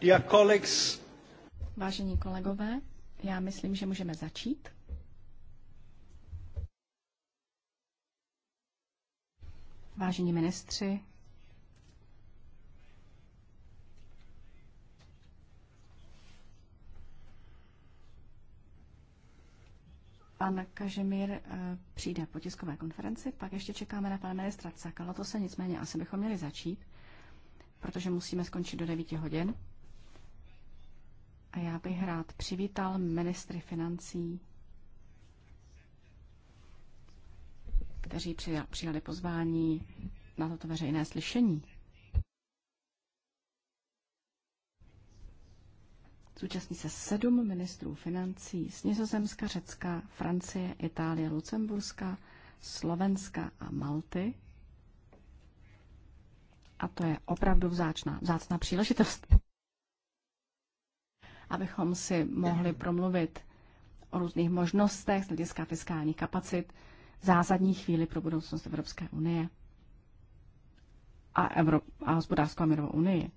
Dear colleagues. Vážení kolegové, já myslím, že můžeme začít. Vážení ministři, Pan Kažimír eh, přijde po tiskové konferenci, pak ještě čekáme na pana ministra Cakala, to se nicméně asi bychom měli začít, protože musíme skončit do 9 hodin. A já bych rád přivítal ministry financí, kteří přijali pozvání na toto veřejné slyšení. Zúčastní se sedm ministrů financí z Nizozemska, Řecka, Francie, Itálie, Lucemburska, Slovenska a Malty. A to je opravdu vzácná, vzácná příležitost abychom si mohli promluvit o různých možnostech z hlediska fiskálních kapacit, zásadní chvíli pro budoucnost Evropské unie a, Evro- a hospodářskou a měrovou unii.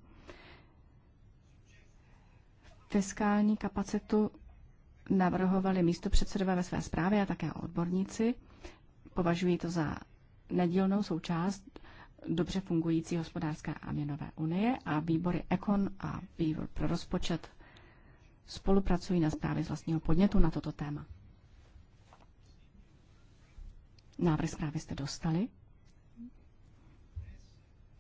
Fiskální kapacitu navrhovali místo předsedové ve své zprávě a také odborníci. Považují to za nedílnou součást dobře fungující hospodářské a měnové unie a výbory Econ a výbor pro rozpočet spolupracují na zprávě z vlastního podnětu na toto téma. Návrh zprávy jste dostali.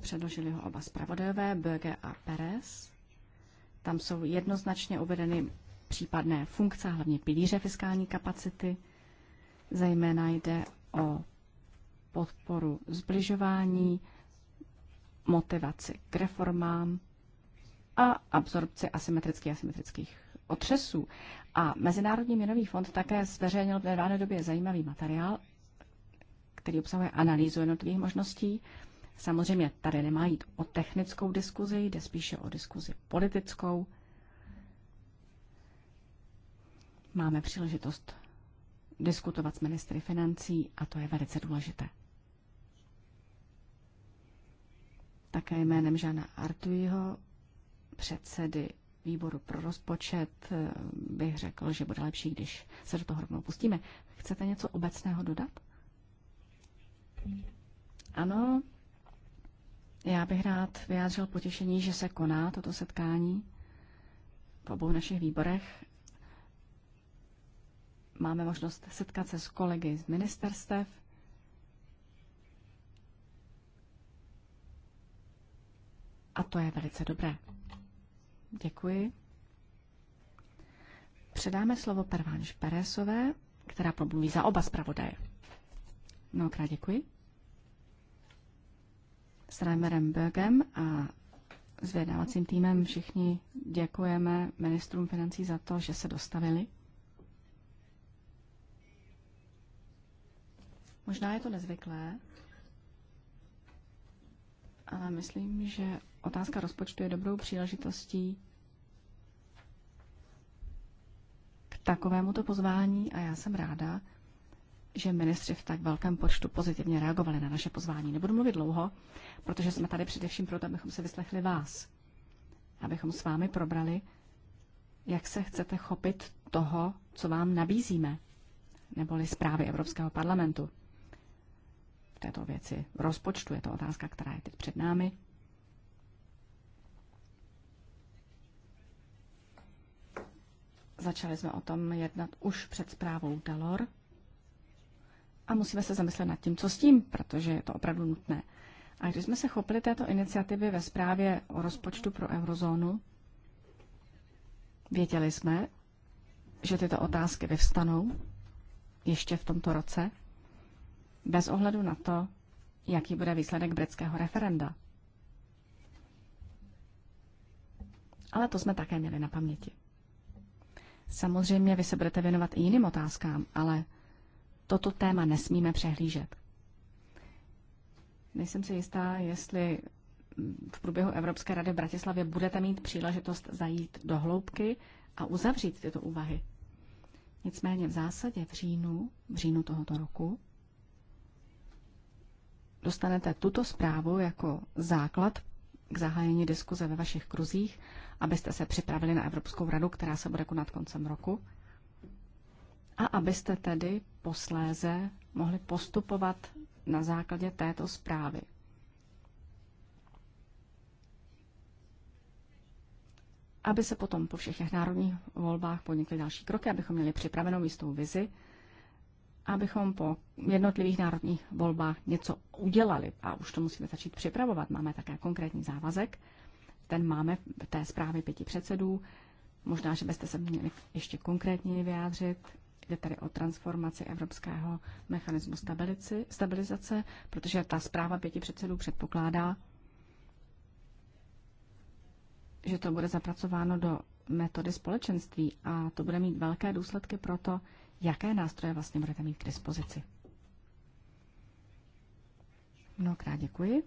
Předložili ho oba zpravodajové, BG a Perez. Tam jsou jednoznačně uvedeny případné funkce, hlavně pilíře fiskální kapacity. Zejména jde o podporu zbližování, motivaci k reformám a absorpci asymetrických a otřesů. A Mezinárodní měnový fond také zveřejnil v nedávné době zajímavý materiál, který obsahuje analýzu jednotlivých možností. Samozřejmě tady nemá jít o technickou diskuzi, jde spíše o diskuzi politickou. Máme příležitost diskutovat s ministry financí a to je velice důležité. Také jménem Žana Artuiho, předsedy výboru pro rozpočet eh, bych řekl, že bude lepší, když se do toho rovnou pustíme. Chcete něco obecného dodat? Ano, já bych rád vyjádřil potěšení, že se koná toto setkání v obou našich výborech. Máme možnost setkat se s kolegy z ministerstev, a to je velice dobré. Děkuji. Předáme slovo Pervánž Peresové, která promluví za oba zpravodaje. Mnohokrát děkuji. S Reimerem Bögem a s vědávacím týmem všichni děkujeme ministrům financí za to, že se dostavili. Možná je to nezvyklé, ale myslím, že otázka rozpočtu je dobrou příležitostí k takovému to pozvání a já jsem ráda, že ministři v tak velkém počtu pozitivně reagovali na naše pozvání. Nebudu mluvit dlouho, protože jsme tady především proto, abychom se vyslechli vás, abychom s vámi probrali, jak se chcete chopit toho, co vám nabízíme, neboli zprávy Evropského parlamentu této věci rozpočtu. Je to otázka, která je teď před námi. Začali jsme o tom jednat už před zprávou Delor a musíme se zamyslet nad tím, co s tím, protože je to opravdu nutné. A když jsme se chopili této iniciativy ve zprávě o rozpočtu pro eurozónu, věděli jsme, že tyto otázky vyvstanou ještě v tomto roce bez ohledu na to, jaký bude výsledek britského referenda. Ale to jsme také měli na paměti. Samozřejmě vy se budete věnovat i jiným otázkám, ale toto téma nesmíme přehlížet. Nejsem si jistá, jestli v průběhu Evropské rady v Bratislavě budete mít příležitost zajít do hloubky a uzavřít tyto úvahy. Nicméně v zásadě v říjnu, v říjnu tohoto roku, dostanete tuto zprávu jako základ k zahájení diskuze ve vašich kruzích, abyste se připravili na Evropskou radu, která se bude konat koncem roku, a abyste tedy posléze mohli postupovat na základě této zprávy. Aby se potom po všech národních volbách podnikly další kroky, abychom měli připravenou jistou vizi abychom po jednotlivých národních volbách něco udělali a už to musíme začít připravovat. Máme také konkrétní závazek, ten máme v té zprávě pěti předsedů. Možná, že byste se měli ještě konkrétně vyjádřit. Jde tady o transformaci evropského mechanismu stabilizace, protože ta zpráva pěti předsedů předpokládá, že to bude zapracováno do metody společenství a to bude mít velké důsledky pro to, jaké nástroje vlastně budete mít k dispozici. Mnohokrát děkuji.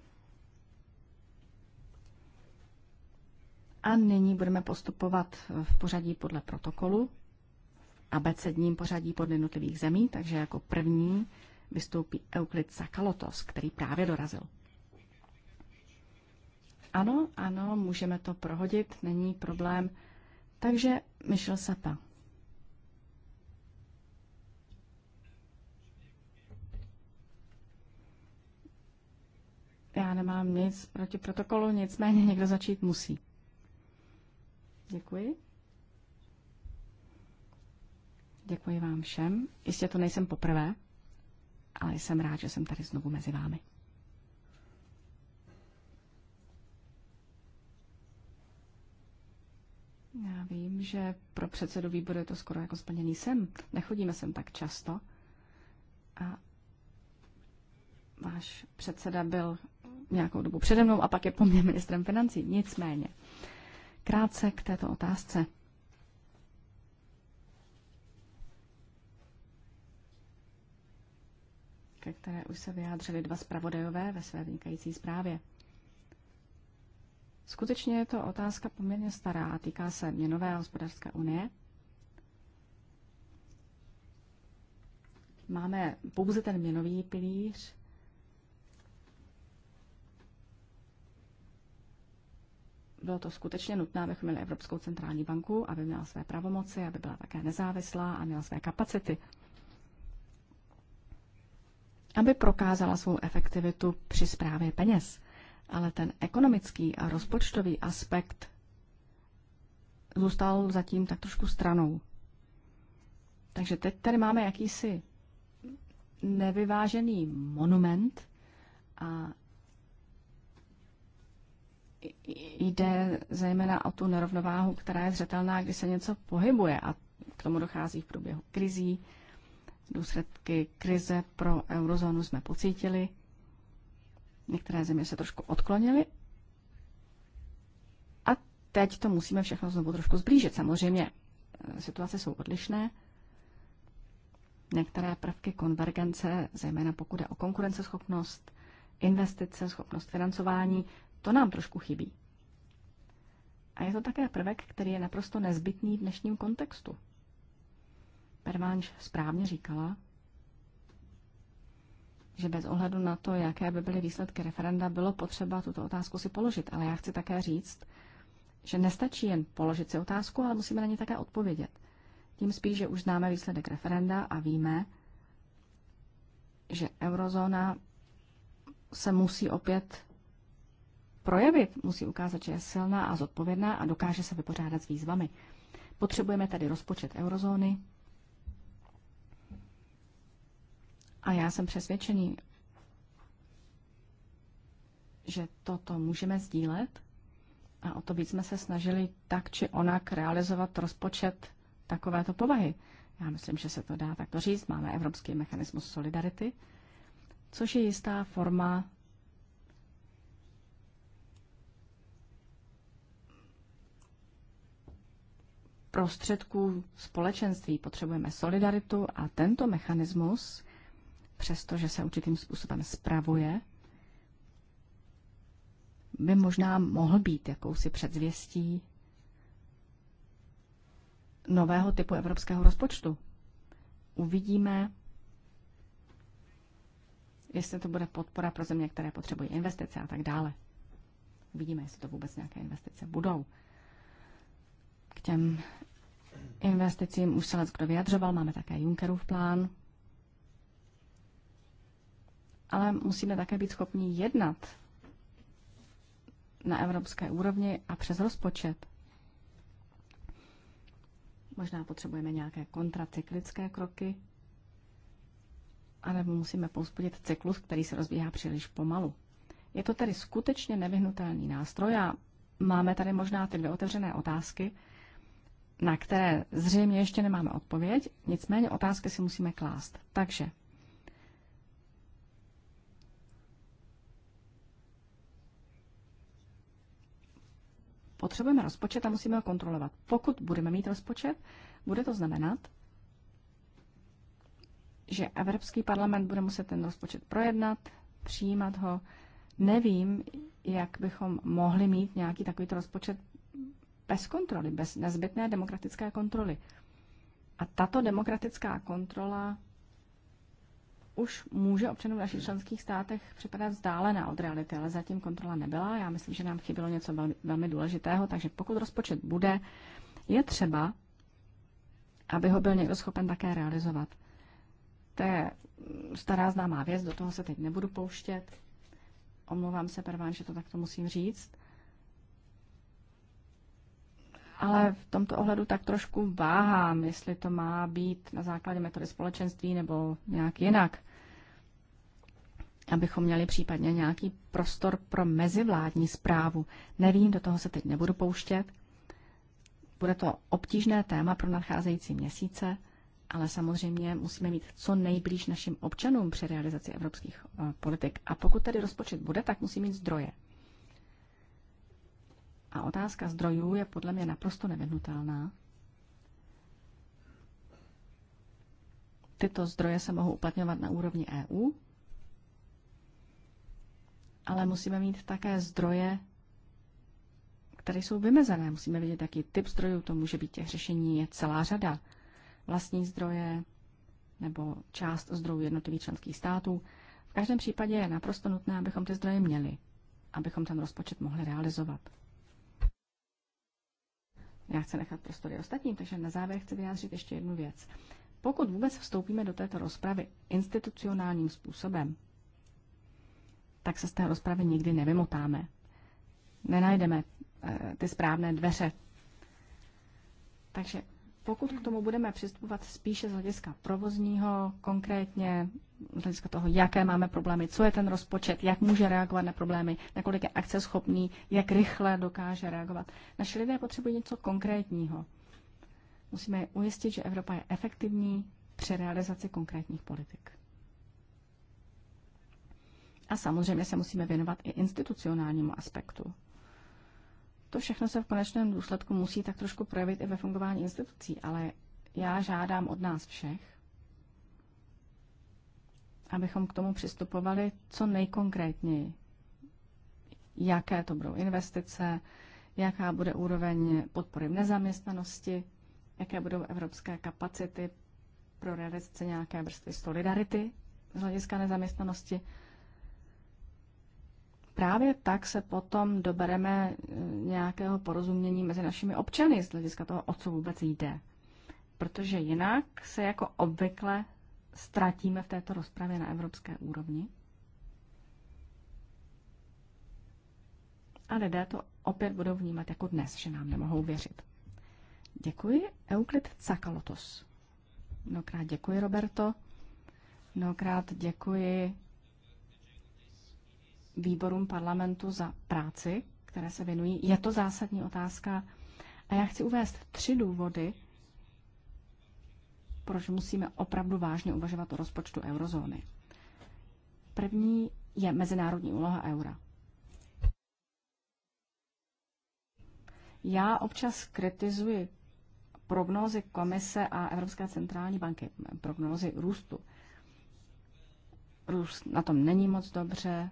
A nyní budeme postupovat v pořadí podle protokolu, abecedním pořadí podle jednotlivých zemí, takže jako první vystoupí Euklid Sakalotos, který právě dorazil. Ano, ano, můžeme to prohodit, není problém. Takže Michel Sapa. Já nemám nic proti protokolu, nicméně někdo začít musí. Děkuji. Děkuji vám všem. Jistě to nejsem poprvé, ale jsem rád, že jsem tady znovu mezi vámi. Já vím, že pro předsedu výboru je to skoro jako splněný sen. Nechodíme sem tak často. A váš předseda byl nějakou dobu přede mnou a pak je po mně ministrem financí. Nicméně, krátce k této otázce. ke které už se vyjádřili dva zpravodajové ve své vynikající zprávě. Skutečně je to otázka poměrně stará a týká se měnové a hospodářské unie. Máme pouze ten měnový pilíř, bylo to skutečně nutné, abychom měli Evropskou centrální banku, aby měla své pravomoci, aby byla také nezávislá a měla své kapacity. Aby prokázala svou efektivitu při správě peněz. Ale ten ekonomický a rozpočtový aspekt zůstal zatím tak trošku stranou. Takže teď tady máme jakýsi nevyvážený monument a jde zejména o tu nerovnováhu, která je zřetelná, když se něco pohybuje a k tomu dochází v průběhu krizí. Důsledky krize pro eurozónu jsme pocítili. Některé země se trošku odklonily. A teď to musíme všechno znovu trošku zblížit. Samozřejmě e, situace jsou odlišné. Některé prvky konvergence, zejména pokud je o konkurenceschopnost, investice, schopnost financování, to nám trošku chybí. A je to také prvek, který je naprosto nezbytný v dnešním kontextu. Pervánž správně říkala, že bez ohledu na to, jaké by byly výsledky referenda, bylo potřeba tuto otázku si položit. Ale já chci také říct, že nestačí jen položit si otázku, ale musíme na ně také odpovědět. Tím spíš, že už známe výsledek referenda a víme, že eurozóna se musí opět projevit, musí ukázat, že je silná a zodpovědná a dokáže se vypořádat s výzvami. Potřebujeme tady rozpočet eurozóny. A já jsem přesvědčený, že toto můžeme sdílet a o to víc jsme se snažili tak či onak realizovat rozpočet takovéto povahy. Já myslím, že se to dá takto říct. Máme Evropský mechanismus solidarity, což je jistá forma prostředků společenství. Potřebujeme solidaritu a tento mechanismus, přestože se určitým způsobem spravuje, by možná mohl být jakousi předzvěstí nového typu evropského rozpočtu. Uvidíme, jestli to bude podpora pro země, které potřebují investice a tak dále. Uvidíme, jestli to vůbec nějaké investice budou. K těm investicím už se kdo vyjadřoval, máme také Junckerův plán. Ale musíme také být schopni jednat na evropské úrovni a přes rozpočet. Možná potřebujeme nějaké kontracyklické kroky, anebo musíme povzbudit cyklus, který se rozbíhá příliš pomalu. Je to tedy skutečně nevyhnutelný nástroj a máme tady možná ty dvě otevřené otázky, na které zřejmě ještě nemáme odpověď, nicméně otázky si musíme klást. Takže potřebujeme rozpočet a musíme ho kontrolovat. Pokud budeme mít rozpočet, bude to znamenat, že Evropský parlament bude muset ten rozpočet projednat, přijímat ho. Nevím, jak bychom mohli mít nějaký takovýto rozpočet bez kontroly, bez nezbytné demokratické kontroly. A tato demokratická kontrola už může občanům v našich členských státech připadat vzdálená od reality, ale zatím kontrola nebyla. Já myslím, že nám chybělo něco velmi, velmi důležitého, takže pokud rozpočet bude, je třeba, aby ho byl někdo schopen také realizovat. To je stará známá věc, do toho se teď nebudu pouštět. Omlouvám se, Perván, že to takto musím říct – ale v tomto ohledu tak trošku váhám, jestli to má být na základě metody společenství nebo nějak jinak. Abychom měli případně nějaký prostor pro mezivládní zprávu. Nevím, do toho se teď nebudu pouštět. Bude to obtížné téma pro nadcházející měsíce, ale samozřejmě musíme mít co nejblíž našim občanům při realizaci evropských eh, politik. A pokud tedy rozpočet bude, tak musí mít zdroje. A otázka zdrojů je podle mě naprosto nevyhnutelná. Tyto zdroje se mohou uplatňovat na úrovni EU, ale musíme mít také zdroje, které jsou vymezené. Musíme vidět jaký typ zdrojů to může být. Těch řešení je celá řada. Vlastní zdroje nebo část zdrojů jednotlivých členských států. V každém případě je naprosto nutné, abychom ty zdroje měli, abychom ten rozpočet mohli realizovat. Já chci nechat prostory ostatním, takže na závěr chci vyjádřit ještě jednu věc. Pokud vůbec vstoupíme do této rozpravy institucionálním způsobem, tak se z té rozpravy nikdy nevymotáme. Nenajdeme eh, ty správné dveře. Takže pokud k tomu budeme přistupovat spíše z hlediska provozního, konkrétně z hlediska toho, jaké máme problémy, co je ten rozpočet, jak může reagovat na problémy, nakolik je akceschopný, jak rychle dokáže reagovat. Naši lidé potřebují něco konkrétního. Musíme je ujistit, že Evropa je efektivní při realizaci konkrétních politik. A samozřejmě se musíme věnovat i institucionálnímu aspektu. To všechno se v konečném důsledku musí tak trošku projevit i ve fungování institucí, ale já žádám od nás všech, abychom k tomu přistupovali co nejkonkrétněji. Jaké to budou investice, jaká bude úroveň podpory v nezaměstnanosti, jaké budou evropské kapacity pro realizaci nějaké vrstvy solidarity z hlediska nezaměstnanosti právě tak se potom dobereme eh, nějakého porozumění mezi našimi občany z hlediska toho, o co vůbec jde. Protože jinak se jako obvykle ztratíme v této rozpravě na evropské úrovni. A lidé to opět budou vnímat jako dnes, že nám nemohou věřit. Děkuji, Euklid Cakalotos. Mnohokrát děkuji, Roberto. Mnohokrát děkuji výborům parlamentu za práci, které se věnují. Je to zásadní otázka. A já chci uvést tři důvody, proč musíme opravdu vážně uvažovat o rozpočtu eurozóny. První je mezinárodní úloha eura. Já občas kritizuji prognózy komise a Evropské centrální banky, prognózy růstu. Růst na tom není moc dobře,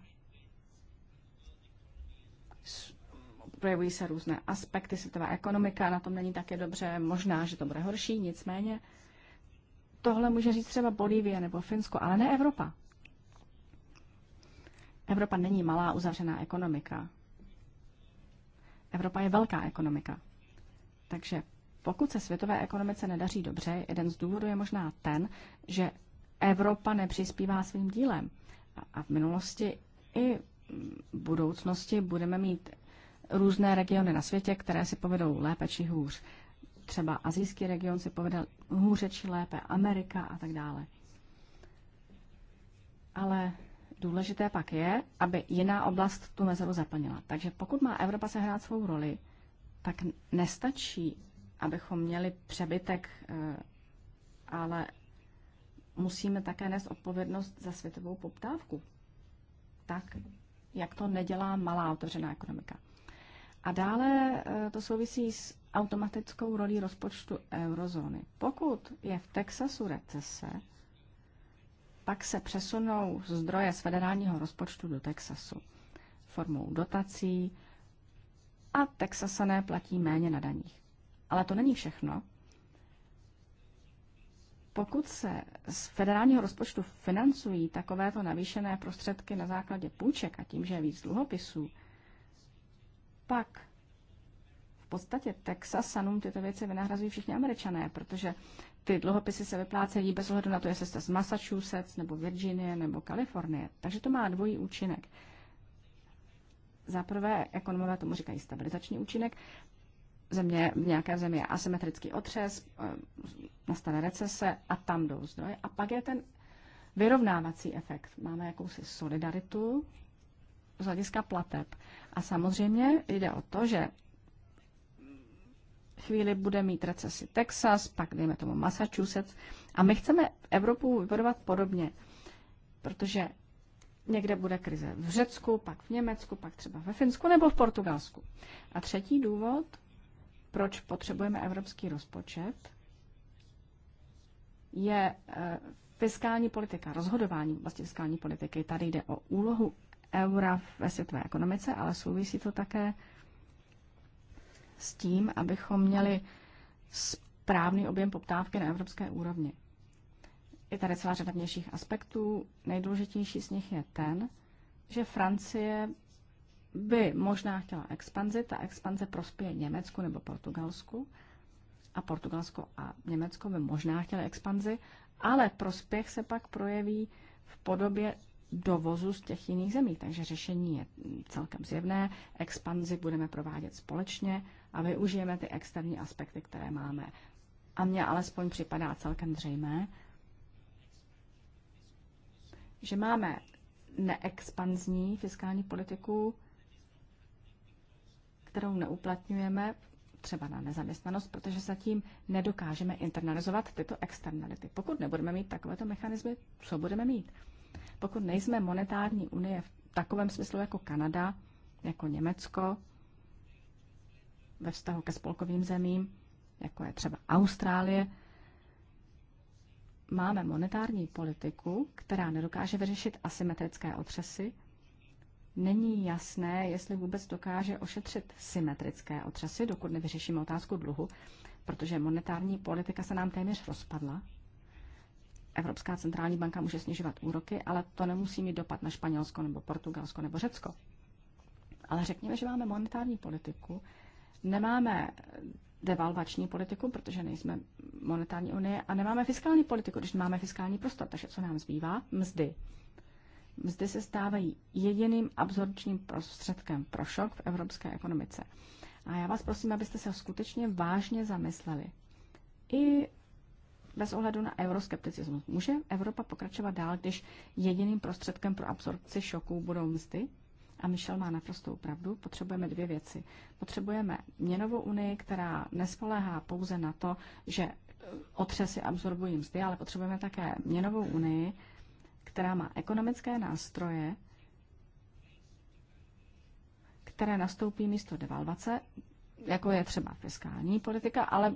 projevují se různé aspekty, světová ekonomika, na tom není také dobře, možná, že to bude horší, nicméně tohle může říct třeba Bolívie nebo Finsko, ale ne Evropa. Evropa není malá uzavřená ekonomika. Evropa je velká ekonomika. Takže pokud se světové ekonomice nedaří dobře, jeden z důvodů je možná ten, že Evropa nepřispívá svým dílem. A v minulosti i budoucnosti budeme mít různé regiony na světě, které si povedou lépe či hůř. Třeba azijský region si povede hůře či lépe, Amerika a tak dále. Ale důležité pak je, aby jiná oblast tu mezeru zaplnila. Takže pokud má Evropa sehrát svou roli, tak nestačí, abychom měli přebytek, eh, ale musíme také nést odpovědnost za světovou poptávku. Tak, jak to nedělá malá otevřená ekonomika. A dále e, to souvisí s automatickou rolí rozpočtu eurozóny. Pokud je v Texasu recese, pak se přesunou zdroje z federálního rozpočtu do Texasu formou dotací a Texasané platí méně na daních. Ale to není všechno. Pokud se z federálního rozpočtu financují takovéto navýšené prostředky na základě půjček a tím, že je víc dluhopisů, pak v podstatě Texas, Sanum tyto věci vynahrazují všichni američané, protože ty dluhopisy se vyplácejí bez ohledu na to, jestli jste z Massachusetts nebo Virginie nebo Kalifornie. Takže to má dvojí účinek. Za prvé, ekonomové tomu říkají stabilizační účinek, země, v nějaké zemi je asymetrický otřes, eh, nastane recese a tam jdou zdroje. A pak je ten vyrovnávací efekt. Máme jakousi solidaritu z hlediska plateb. A samozřejmě jde o to, že chvíli bude mít recesi Texas, pak dejme tomu Massachusetts. A my chceme Evropu vybudovat podobně, protože někde bude krize v Řecku, pak v Německu, pak třeba ve Finsku nebo v Portugalsku. A třetí důvod proč potřebujeme evropský rozpočet, je eh, fiskální politika, rozhodování vlastně fiskální politiky. Tady jde o úlohu eura ve světové ekonomice, ale souvisí to také s tím, abychom měli správný objem poptávky na evropské úrovni. Je tady celá řada vnějších aspektů. Nejdůležitější z nich je ten, že Francie by možná chtěla expanzi, ta expanze prospěje Německu nebo Portugalsku a Portugalsko a Německo by možná chtěli expanzi, ale prospěch se pak projeví v podobě dovozu z těch jiných zemí. Takže řešení je celkem zjevné. Expanzi budeme provádět společně a využijeme ty externí aspekty, které máme. A mně alespoň připadá celkem zřejmé, že máme neexpanzní fiskální politiku kterou neuplatňujeme, třeba na nezaměstnanost, protože zatím nedokážeme internalizovat tyto externality. Pokud nebudeme mít takovéto mechanizmy, co budeme mít? Pokud nejsme monetární unie v takovém smyslu jako Kanada, jako Německo, ve vztahu ke spolkovým zemím, jako je třeba Austrálie, máme monetární politiku, která nedokáže vyřešit asymetrické otřesy není jasné, jestli vůbec dokáže ošetřit symetrické otřesy, dokud nevyřešíme otázku dluhu, protože monetární politika se nám téměř rozpadla. Evropská centrální banka může snižovat úroky, ale to nemusí mít dopad na Španělsko nebo Portugalsko nebo Řecko. Ale řekněme, že máme monetární politiku, nemáme devalvační politiku, protože nejsme monetární unie, a nemáme fiskální politiku, když máme fiskální prostor. Takže co nám zbývá? Mzdy mzdy se stávají jediným absorpčním prostředkem pro šok v evropské ekonomice. A já vás prosím, abyste se skutečně vážně zamysleli. I bez ohledu na euroskepticismus. Může Evropa pokračovat dál, když jediným prostředkem pro absorpci šoků budou mzdy? A Michel má naprostou pravdu. Potřebujeme dvě věci. Potřebujeme měnovou unii, která nespoléhá pouze na to, že otřesy absorbují mzdy, ale potřebujeme také měnovou unii, která má ekonomické nástroje, které nastoupí místo devalvace, jako je třeba fiskální politika, ale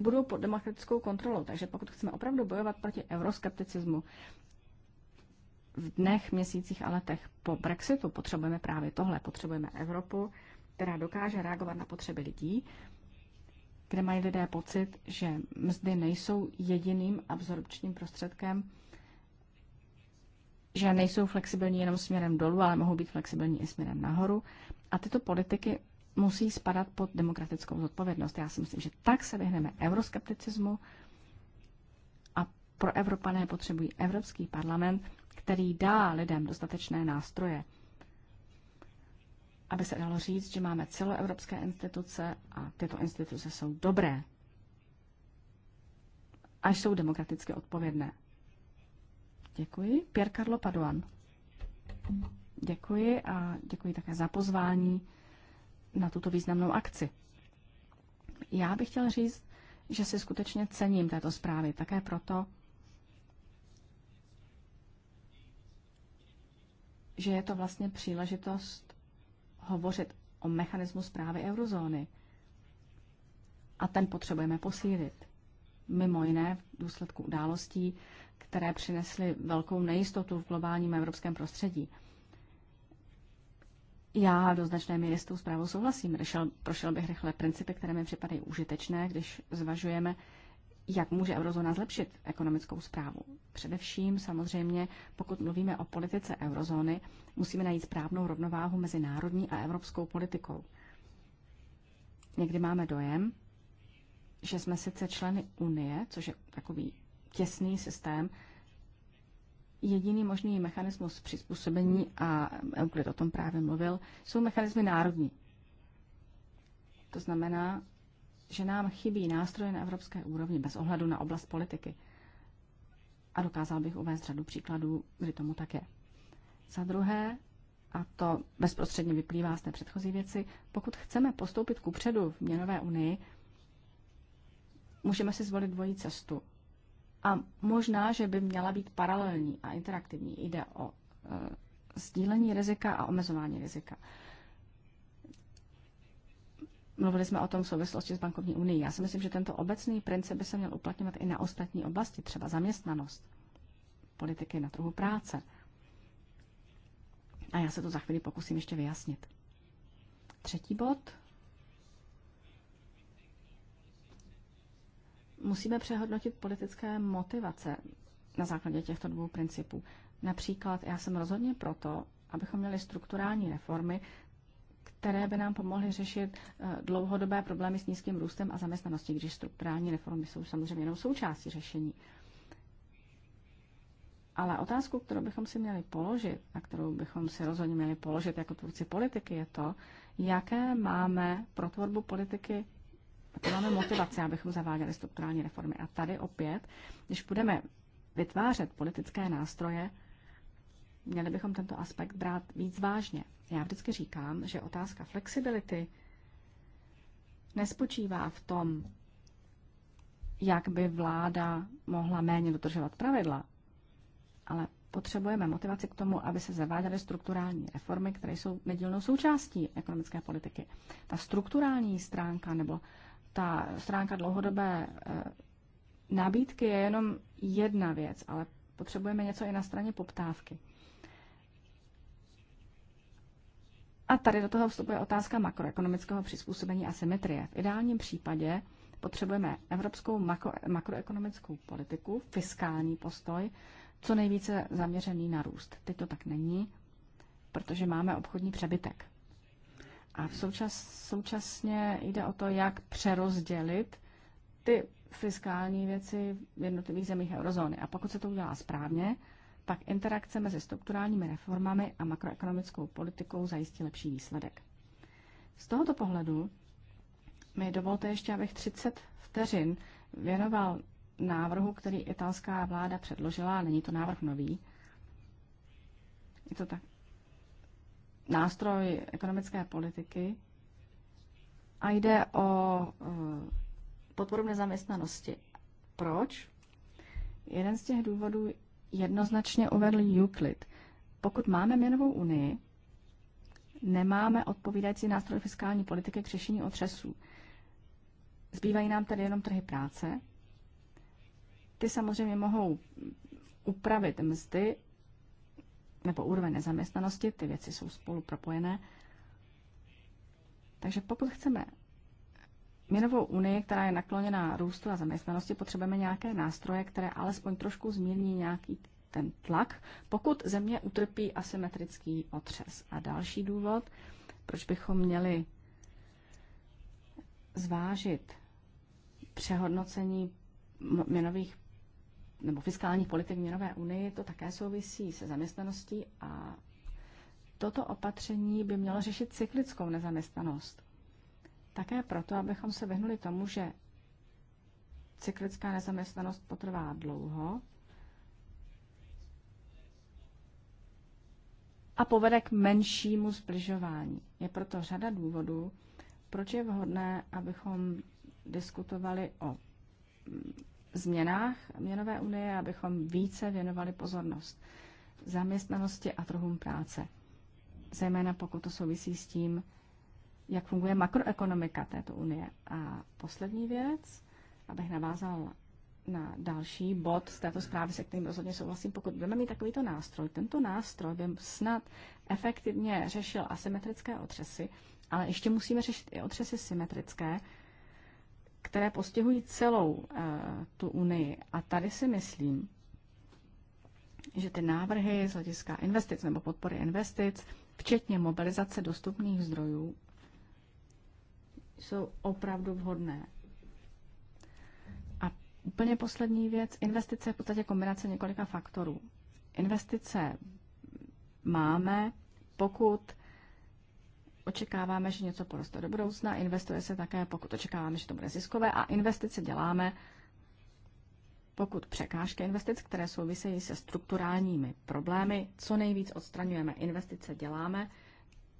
budou pod demokratickou kontrolou. Takže pokud chceme opravdu bojovat proti euroskepticismu v dnech, měsících a letech po Brexitu, potřebujeme právě tohle. Potřebujeme Evropu, která dokáže reagovat na potřeby lidí, kde mají lidé pocit, že mzdy nejsou jediným absorpčním prostředkem, že nejsou flexibilní jenom směrem dolů, ale mohou být flexibilní i směrem nahoru. A tyto politiky musí spadat pod demokratickou zodpovědnost. Já si myslím, že tak se vyhneme euroskepticismu a pro Evropané potřebují Evropský parlament, který dá lidem dostatečné nástroje, aby se dalo říct, že máme celoevropské instituce a tyto instituce jsou dobré, až jsou demokraticky odpovědné. Děkuji. Pier Carlo Paduan. Děkuji a děkuji také za pozvání na tuto významnou akci. Já bych chtěl říct, že si skutečně cením této zprávy, také proto, že je to vlastně příležitost hovořit o mechanismu zprávy eurozóny. A ten potřebujeme posílit mimo jiné v důsledku událostí, které přinesly velkou nejistotu v globálním evropském prostředí. Já do značné míry s tou zprávou souhlasím. Rešel, prošel bych rychle principy, které mi připadají užitečné, když zvažujeme, jak může eurozóna zlepšit ekonomickou zprávu. Především samozřejmě, pokud mluvíme o politice eurozóny, musíme najít správnou rovnováhu mezi národní a evropskou politikou. Někdy máme dojem, že jsme sice členy Unie, což je takový těsný systém, jediný možný mechanismus přizpůsobení, a Euclid o tom právě mluvil, jsou mechanismy národní. To znamená, že nám chybí nástroje na evropské úrovni bez ohledu na oblast politiky. A dokázal bych uvést řadu příkladů, kdy tomu tak je. Za druhé, a to bezprostředně vyplývá z té předchozí věci, pokud chceme postoupit kupředu v měnové unii, můžeme si zvolit dvojí cestu. A možná, že by měla být paralelní a interaktivní. Jde o e, sdílení rizika a omezování rizika. Mluvili jsme o tom v souvislosti s bankovní unii. Já si myslím, že tento obecný princip by se měl uplatňovat i na ostatní oblasti, třeba zaměstnanost, politiky na trhu práce. A já se to za chvíli pokusím ještě vyjasnit. Třetí bod Musíme přehodnotit politické motivace na základě těchto dvou principů. Například já jsem rozhodně proto, abychom měli strukturální reformy, které by nám pomohly řešit eh, dlouhodobé problémy s nízkým růstem a zaměstnaností, když strukturální reformy jsou samozřejmě jenom součástí řešení. Ale otázku, kterou bychom si měli položit a kterou bychom si rozhodně měli položit jako tvůrci politiky, je to, jaké máme pro tvorbu politiky to máme motivaci, abychom zaváděli strukturální reformy. A tady opět, když budeme vytvářet politické nástroje, měli bychom tento aspekt brát víc vážně. Já vždycky říkám, že otázka flexibility nespočívá v tom, jak by vláda mohla méně dodržovat pravidla, ale potřebujeme motivaci k tomu, aby se zaváděly strukturální reformy, které jsou nedílnou součástí ekonomické politiky. Ta strukturální stránka nebo ta stránka dlouhodobé eh, nabídky je jenom jedna věc, ale potřebujeme něco i na straně poptávky. A tady do toho vstupuje otázka makroekonomického přizpůsobení a symetrie. V ideálním případě potřebujeme evropskou makro, makroekonomickou politiku, fiskální postoj, co nejvíce zaměřený na růst. Teď to tak není, protože máme obchodní přebytek. A v součas, současně jde o to, jak přerozdělit ty fiskální věci v jednotlivých zemích eurozóny. A pokud se to udělá správně, pak interakce mezi strukturálními reformami a makroekonomickou politikou zajistí lepší výsledek. Z tohoto pohledu mi dovolte ještě, abych 30 vteřin věnoval návrhu, který italská vláda předložila, není to návrh nový. Je to tak, nástroj ekonomické politiky a jde o e, podporu nezaměstnanosti. Proč? Jeden z těch důvodů jednoznačně uvedl Euclid. Pokud máme měnovou unii, nemáme odpovídající nástroj fiskální politiky k řešení otřesů. Zbývají nám tedy jenom trhy práce. Ty samozřejmě mohou upravit mzdy nebo úroveň nezaměstnanosti, ty věci jsou spolu propojené. Takže pokud chceme měnovou unii, která je nakloněná růstu a zaměstnanosti, potřebujeme nějaké nástroje, které alespoň trošku zmírní nějaký ten tlak, pokud země utrpí asymetrický otřes. A další důvod, proč bychom měli zvážit přehodnocení měnových nebo fiskální politik měnové unii, to také souvisí se zaměstnaností a toto opatření by mělo řešit cyklickou nezaměstnanost. Také proto, abychom se vyhnuli tomu, že cyklická nezaměstnanost potrvá dlouho a povede k menšímu zbližování. Je proto řada důvodů, proč je vhodné, abychom diskutovali o změnách měnové unie, abychom více věnovali pozornost zaměstnanosti a trhům práce. Zejména pokud to souvisí s tím, jak funguje makroekonomika této unie. A poslední věc, abych navázal na další bod z této zprávy, se kterým rozhodně souhlasím, pokud budeme mít takovýto nástroj. Tento nástroj by snad efektivně řešil asymetrické otřesy, ale ještě musíme řešit i otřesy symetrické, které postihují celou eh, tu Unii. A tady si myslím, že ty návrhy z hlediska investic nebo podpory investic, včetně mobilizace dostupných zdrojů, jsou opravdu vhodné. A úplně poslední věc, investice je v podstatě kombinace několika faktorů. Investice máme, pokud očekáváme, že něco poroste do budoucna, investuje se také, pokud očekáváme, že to bude ziskové a investice děláme, pokud překážky investic, které souvisejí se strukturálními problémy, co nejvíc odstraňujeme, investice děláme,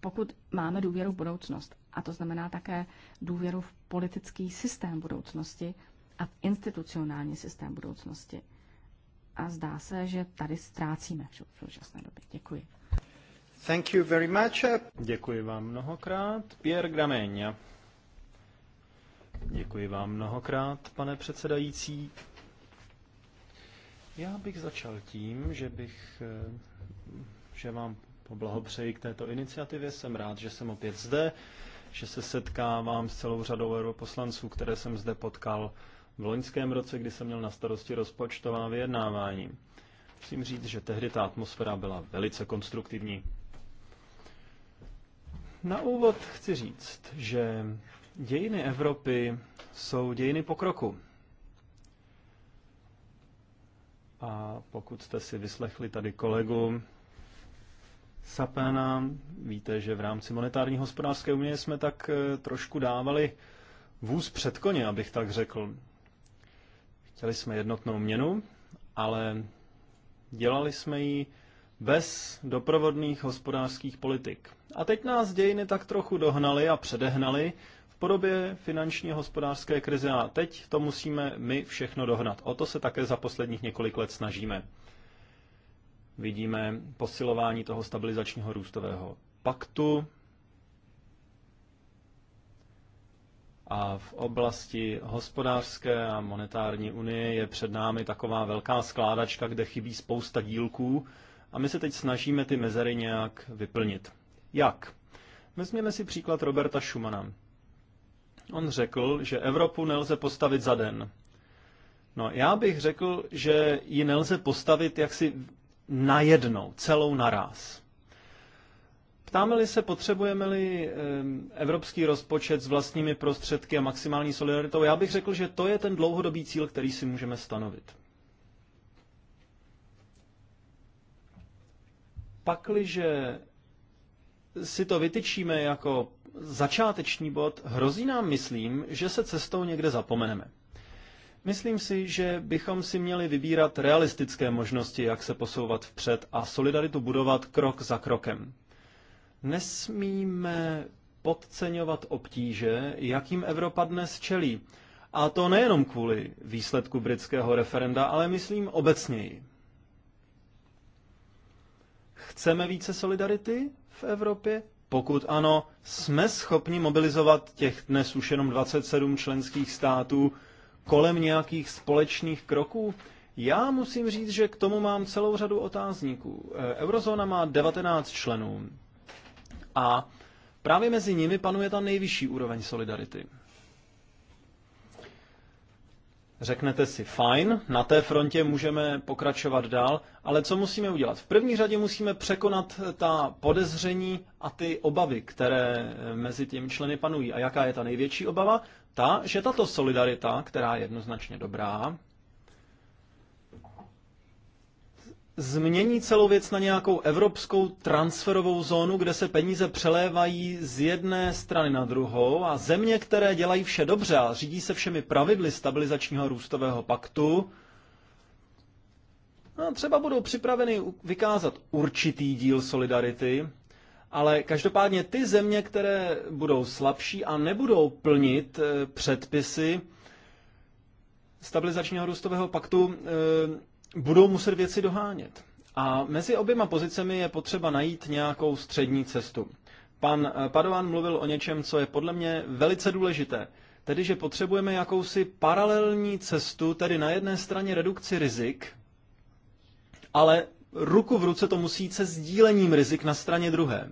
pokud máme důvěru v budoucnost. A to znamená také důvěru v politický systém budoucnosti a v institucionální systém budoucnosti. A zdá se, že tady ztrácíme v současné době. Děkuji. Thank you very much. Děkuji vám mnohokrát. Pierre Grameň. Děkuji vám mnohokrát, pane předsedající. Já bych začal tím, že bych, eh, že vám poblahopřeji k této iniciativě. Jsem rád, že jsem opět zde, že se setkávám s celou řadou europoslanců, které jsem zde potkal v loňském roce, kdy jsem měl na starosti rozpočtová vyjednávání. Musím říct, že tehdy ta atmosféra byla velice konstruktivní. Na úvod chci říct, že dějiny Evropy jsou dějiny pokroku. A pokud jste si vyslechli tady kolegu Sapena, víte, že v rámci monetární hospodářské unie jsme tak eh, trošku dávali vůz před koně, abych tak řekl. Chtěli jsme jednotnou měnu, ale dělali jsme ji bez doprovodných hospodářských politik. A teď nás dějiny tak trochu dohnaly a předehnaly v podobě finanční hospodářské krize a teď to musíme my všechno dohnat. O to se také za posledních několik let snažíme. Vidíme posilování toho stabilizačního růstového paktu a v oblasti hospodářské a monetární unie je před námi taková velká skládačka, kde chybí spousta dílků, a my se teď snažíme ty mezery nějak vyplnit. Jak? Vezměme si příklad Roberta Schumana. On řekl, že Evropu nelze postavit za den. No, já bych řekl, že ji nelze postavit jaksi najednou, celou naraz. Ptáme-li se, potřebujeme-li evropský rozpočet s vlastními prostředky a maximální solidaritou, já bych řekl, že to je ten dlouhodobý cíl, který si můžeme stanovit. pakliže si to vytyčíme jako začáteční bod, hrozí nám, myslím, že se cestou někde zapomeneme. Myslím si, že bychom si měli vybírat realistické možnosti, jak se posouvat vpřed a solidaritu budovat krok za krokem. Nesmíme podceňovat obtíže, jakým Evropa dnes čelí. A to nejenom kvůli výsledku britského referenda, ale myslím obecněji. Chceme více solidarity v Evropě? Pokud ano, jsme schopni mobilizovat těch dnes už jenom 27 členských států kolem nějakých společných kroků? Já musím říct, že k tomu mám celou řadu otázníků. Eh, eurozóna má 19 členů a právě mezi nimi panuje ta nejvyšší úroveň solidarity. Řeknete si, fajn, na té frontě můžeme pokračovat dál, ale co musíme udělat? V první řadě musíme překonat ta podezření a ty obavy, které mezi těmi členy panují. A jaká je ta největší obava? Ta, že tato solidarita, která je jednoznačně dobrá, změní celou věc na nějakou evropskou transferovou zónu, kde se peníze přelévají z jedné strany na druhou a země, které dělají vše dobře a řídí se všemi pravidly stabilizačního růstového paktu, no, třeba budou připraveny vykázat určitý díl solidarity, ale každopádně ty země, které budou slabší a nebudou plnit eh, předpisy stabilizačního růstového paktu, eh, budou muset věci dohánět. A mezi oběma pozicemi je potřeba najít nějakou střední cestu. Pan eh, Padovan mluvil o něčem, co je podle mě velice důležité. Tedy, že potřebujeme jakousi paralelní cestu, tedy na jedné straně redukci rizik, ale ruku v ruce to musí se sdílením rizik na straně druhé.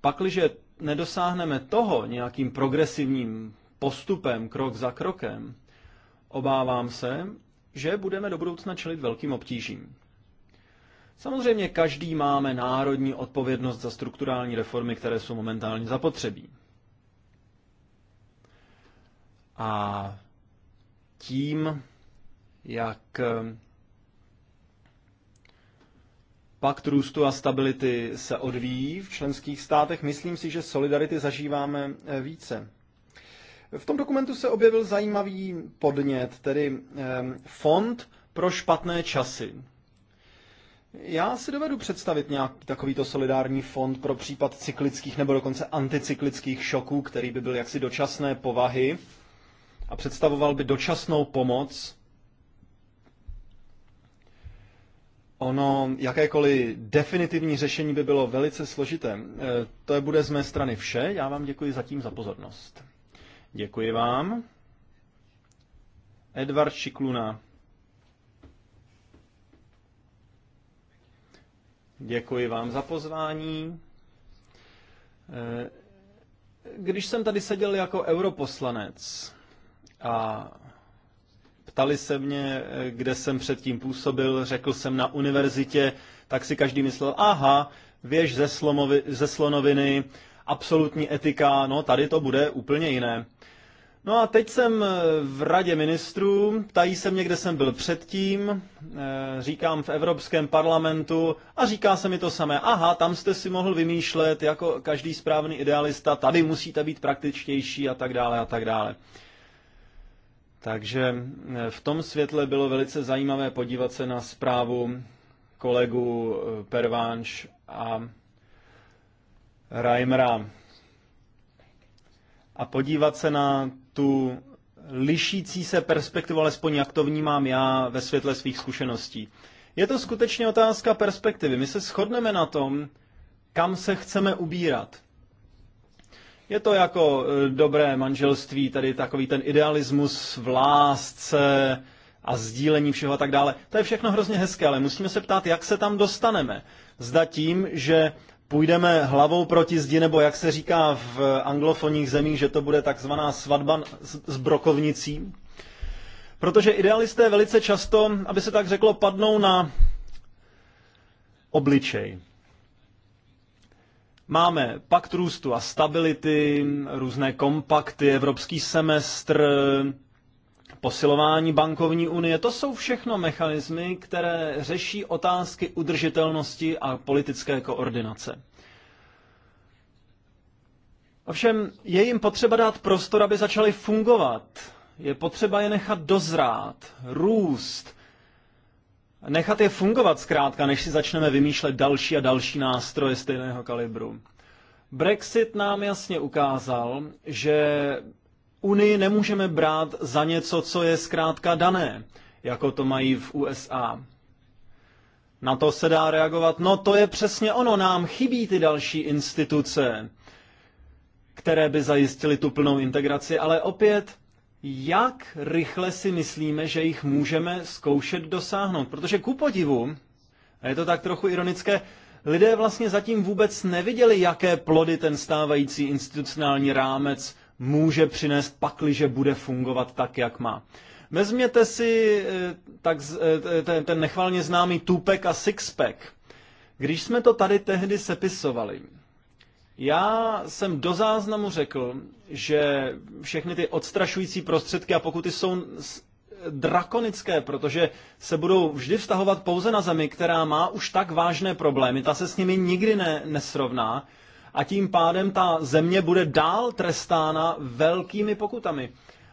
Pakliže nedosáhneme toho nějakým progresivním postupem, krok za krokem, obávám se, že budeme do budoucna čelit velkým obtížím. Samozřejmě každý máme národní odpovědnost za strukturální reformy, které jsou momentálně zapotřebí. A tím, jak eh, pakt růstu a stability se odvíjí v členských státech, myslím si, že solidarity zažíváme eh, více. V tom dokumentu se objevil zajímavý podnět, tedy ehm, fond pro špatné časy. Já si dovedu představit nějaký takovýto solidární fond pro případ cyklických nebo dokonce anticyklických šoků, který by byl jaksi dočasné povahy a představoval by dočasnou pomoc. Ono, jakékoliv definitivní řešení by bylo velice složité. E, to je bude z mé strany vše. Já vám děkuji zatím za pozornost. Děkuji vám. Edvard Šikluna. Děkuji vám za pozvání. Eh, když jsem tady seděl jako europoslanec a ptali se mě, eh, kde jsem předtím působil, řekl jsem na univerzitě, tak si každý myslel, aha, věž ze, slomovi, ze slonoviny, absolutní etika, no tady to bude úplně jiné. No a teď jsem eh, v radě ministrů, ptají se mě, kde jsem byl předtím, eh, říkám v Evropském parlamentu a říká se mi to samé. Aha, tam jste si mohl vymýšlet jako každý správný idealista, tady musíte být praktičtější a tak dále a tak dále. Takže eh, v tom světle bylo velice zajímavé podívat se na zprávu kolegu Pervánš a Reimera a podívat se na tu lišící se perspektivu, alespoň jak to vnímám já ve světle svých zkušeností. Je to skutečně otázka perspektivy. My se shodneme na tom, kam se chceme ubírat. Je to jako e, dobré manželství, tady takový ten idealismus v lásce a sdílení všeho a tak dále. To je všechno hrozně hezké, ale musíme se ptát, jak se tam dostaneme. Zda tím, že půjdeme hlavou proti zdi, nebo jak se říká v anglofonních zemích, že to bude takzvaná svatba s brokovnicí. Protože idealisté velice často, aby se tak řeklo, padnou na obličej. Máme pakt růstu a stability, různé kompakty, evropský semestr, posilování bankovní unie. To jsou všechno mechanismy, které řeší otázky udržitelnosti a politické koordinace. Ovšem, je jim potřeba dát prostor, aby začaly fungovat. Je potřeba je nechat dozrát, růst, nechat je fungovat zkrátka, než si začneme vymýšlet další a další nástroje stejného kalibru. Brexit nám jasně ukázal, že Unii nemůžeme brát za něco, co je zkrátka dané, jako to mají v USA. Na to se dá reagovat, no to je přesně ono, nám chybí ty další instituce, které by zajistily tu plnou integraci, ale opět, jak rychle si myslíme, že jich můžeme zkoušet dosáhnout? Protože ku podivu, a je to tak trochu ironické, lidé vlastně zatím vůbec neviděli, jaké plody ten stávající institucionální rámec může přinést, pakliže bude fungovat tak, jak má. Vezměte si eh, tak, eh, ten, ten nechvalně známý tupek a sixpack. Když jsme to tady tehdy sepisovali, já jsem do záznamu řekl, že všechny ty odstrašující prostředky a pokuty jsou drakonické, protože se budou vždy vztahovat pouze na zemi, která má už tak vážné problémy, ta se s nimi nikdy ne, nesrovná a tím pádem ta země bude dál trestána velkými pokutami.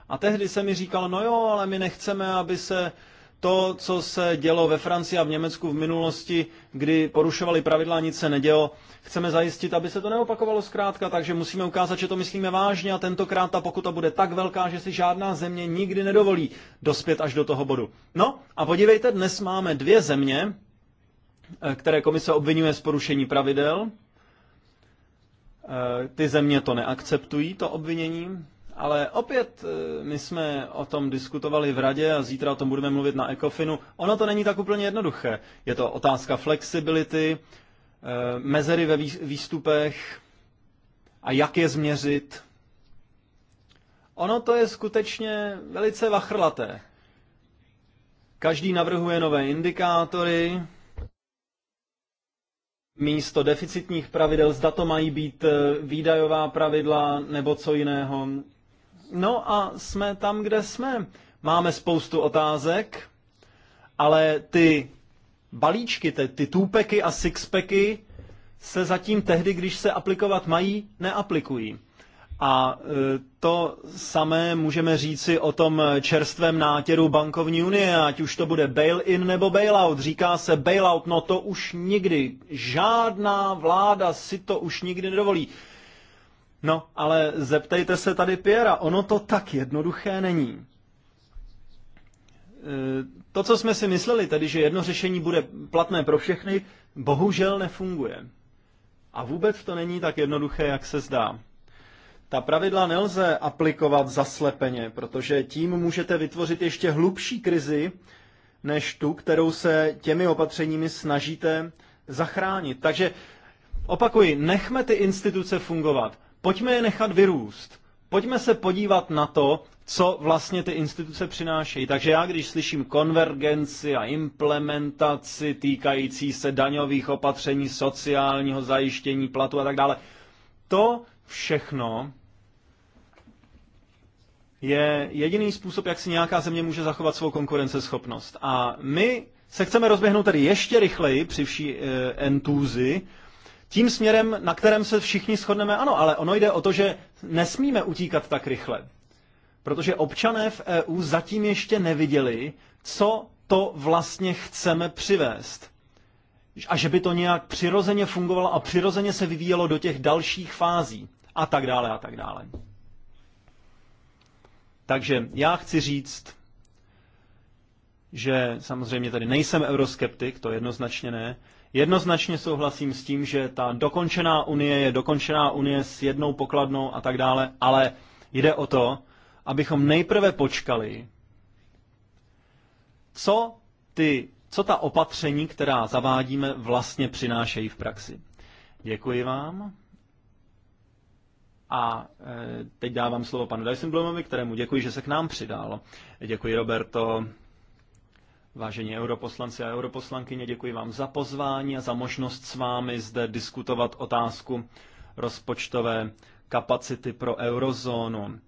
A tehdy se mi říkalo, no jo, ale my nechceme, aby se to, co se dělo ve Francii a v Německu v minulosti, kdy porušovali pravidla a nic se nedělo, chceme zajistit, aby se to neopakovalo zkrátka, takže musíme ukázat, že to myslíme vážně a tentokrát ta pokuta bude tak velká, že si žádná země nikdy nedovolí dospět až do toho bodu. No a podívejte, dnes máme dvě země, eh, které komise obvinuje z porušení pravidel, Eh, ty země to neakceptují, to obvinění, ale opět eh, my jsme o tom diskutovali v radě a zítra o tom budeme mluvit na Ecofinu. Ono to není tak úplně jednoduché. Je to otázka flexibility, eh, mezery ve výstupech a jak je změřit. Ono to je skutečně velice vachrlaté. Každý navrhuje nové indikátory, místo deficitních pravidel, zda to mají být eh, výdajová pravidla nebo co jiného. No a jsme tam, kde jsme. Máme spoustu otázek, ale ty balíčky, ty, ty tupeky a sixpeky se zatím tehdy, když se aplikovat mají, neaplikují. A e, to samé můžeme říci o tom čerstvém nátěru bankovní unie, ať už to bude bail-in nebo bailout. Říká se bailout, no to už nikdy. Žádná vláda si to už nikdy nedovolí. No, ale zeptejte se tady Piera, ono to tak jednoduché není. E, to, co jsme si mysleli, tedy, že jedno řešení bude platné pro všechny, bohužel nefunguje. A vůbec to není tak jednoduché, jak se zdá. Ta pravidla nelze aplikovat zaslepeně, protože tím můžete vytvořit ještě hlubší krizi, než tu, kterou se těmi opatřeními snažíte zachránit. Takže opakuji, nechme ty instituce fungovat. Pojďme je nechat vyrůst. Pojďme se podívat na to, co vlastně ty instituce přinášejí. Takže já, když slyším konvergenci a implementaci týkající se daňových opatření, sociálního zajištění, platu a tak dále, to všechno je jediný způsob, jak si nějaká země může zachovat svou konkurenceschopnost. A my se chceme rozběhnout tedy ještě rychleji při vší e, tím směrem, na kterém se všichni shodneme, ano, ale ono jde o to, že nesmíme utíkat tak rychle. Protože občané v EU zatím ještě neviděli, co to vlastně chceme přivést. A že by to nějak přirozeně fungovalo a přirozeně se vyvíjelo do těch dalších fází. A tak dále, a tak dále. Takže já chci říct, že samozřejmě tady nejsem euroskeptik, to jednoznačně ne. Jednoznačně souhlasím s tím, že ta dokončená unie je dokončená unie s jednou pokladnou a tak dále, ale jde o to, abychom nejprve počkali, co, ty, co ta opatření, která zavádíme, vlastně přinášejí v praxi. Děkuji vám. A e, teď dávám slovo panu Dijsselblumovi, kterému děkuji, že se k nám přidal. Děkuji, Roberto. Vážení europoslanci a europoslankyně, děkuji vám za pozvání a za možnost s vámi zde diskutovat otázku rozpočtové kapacity pro eurozónu.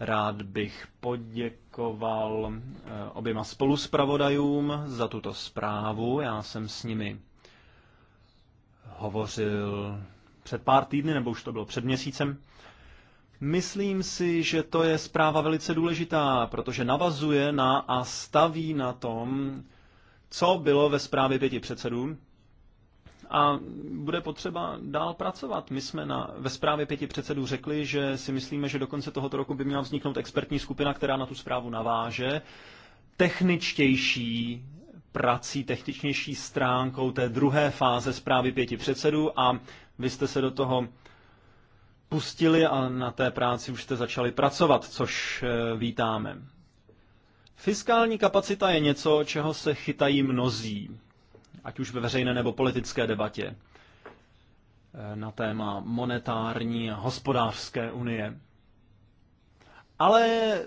Rád bych poděkoval e, oběma spoluspravodajům za tuto zprávu. Já jsem s nimi hovořil před pár týdny, nebo už to bylo před měsícem. Myslím si, že to je zpráva velice důležitá, protože navazuje na a staví na tom, co bylo ve zprávě pěti předsedů, a bude potřeba dál pracovat. My jsme na, ve zprávě pěti předsedů řekli, že si myslíme, že do konce tohoto roku by měla vzniknout expertní skupina, která na tu zprávu naváže. Techničtější prací, techničnější stránkou té druhé fáze zprávy pěti předsedů a vy jste se do toho pustili a na té práci už jste začali pracovat, což eh, vítáme. Fiskální kapacita je něco, čeho se chytají mnozí, ať už ve veřejné nebo politické debatě, eh, na téma monetární a hospodářské unie. Ale eh,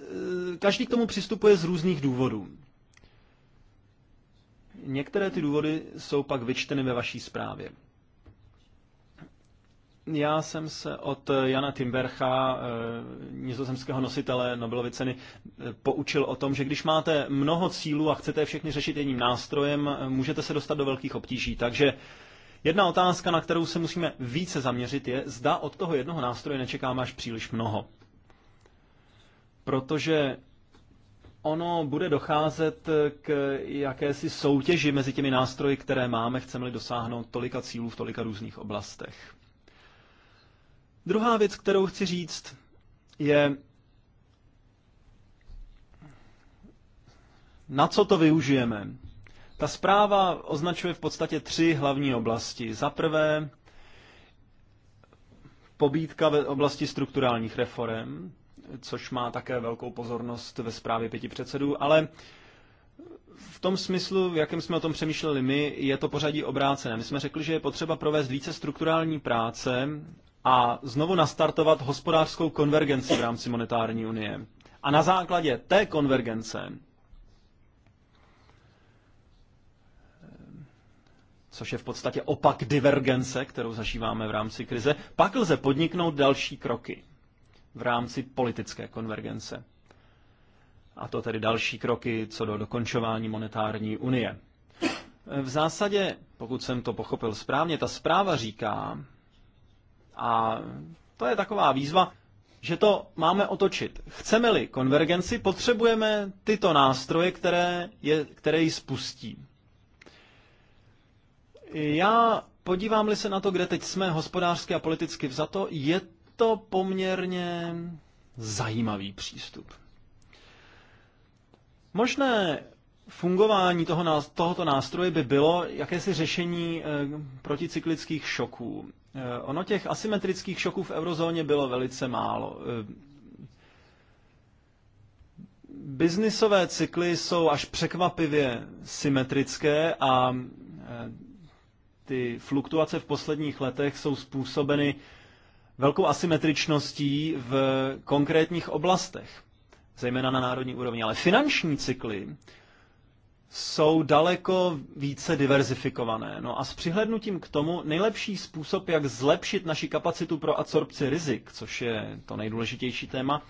každý k tomu přistupuje z různých důvodů. Některé ty důvody jsou pak vyčteny ve vaší zprávě. Já jsem se od Jana Timbercha, eh, nizozemského nositele Nobelovy ceny, eh, poučil o tom, že když máte mnoho cílů a chcete je všechny řešit jedním nástrojem, eh, můžete se dostat do velkých obtíží. Takže jedna otázka, na kterou se musíme více zaměřit, je, zda od toho jednoho nástroje nečekáme až příliš mnoho. Protože ono bude docházet k jakési soutěži mezi těmi nástroji, které máme, chceme-li dosáhnout tolika cílů v tolika různých oblastech. Druhá věc, kterou chci říct, je, na co to využijeme. Ta zpráva označuje v podstatě tři hlavní oblasti. Za prvé, pobídka v oblasti strukturálních reform, což má také velkou pozornost ve zprávě pěti předsedů, ale v tom smyslu, v jakém jsme o tom přemýšleli my, je to pořadí obrácené. My jsme řekli, že je potřeba provést více strukturální práce a znovu nastartovat hospodářskou konvergenci v rámci monetární unie. A na základě té konvergence, což je v podstatě opak divergence, kterou zažíváme v rámci krize, pak lze podniknout další kroky v rámci politické konvergence. A to tedy další kroky co do dokončování monetární unie. V zásadě, pokud jsem to pochopil správně, ta zpráva říká, a to je taková výzva, že to máme otočit. Chceme-li konvergenci, potřebujeme tyto nástroje, které, je, které ji spustí. Já podívám-li se na to, kde teď jsme hospodářsky a politicky vzato, je to poměrně zajímavý přístup. Možné fungování toho, tohoto nástroje by bylo jakési řešení eh, proticyklických šoků. Eh, ono těch asymetrických šoků v eurozóně bylo velice málo. Eh, biznisové cykly jsou až překvapivě symetrické a eh, ty fluktuace v posledních letech jsou způsobeny velkou asymetričností v konkrétních oblastech, zejména na národní úrovni. Ale finanční cykly jsou daleko více diverzifikované. No a s přihlednutím k tomu nejlepší způsob, jak zlepšit naši kapacitu pro absorpci rizik, což je to nejdůležitější téma,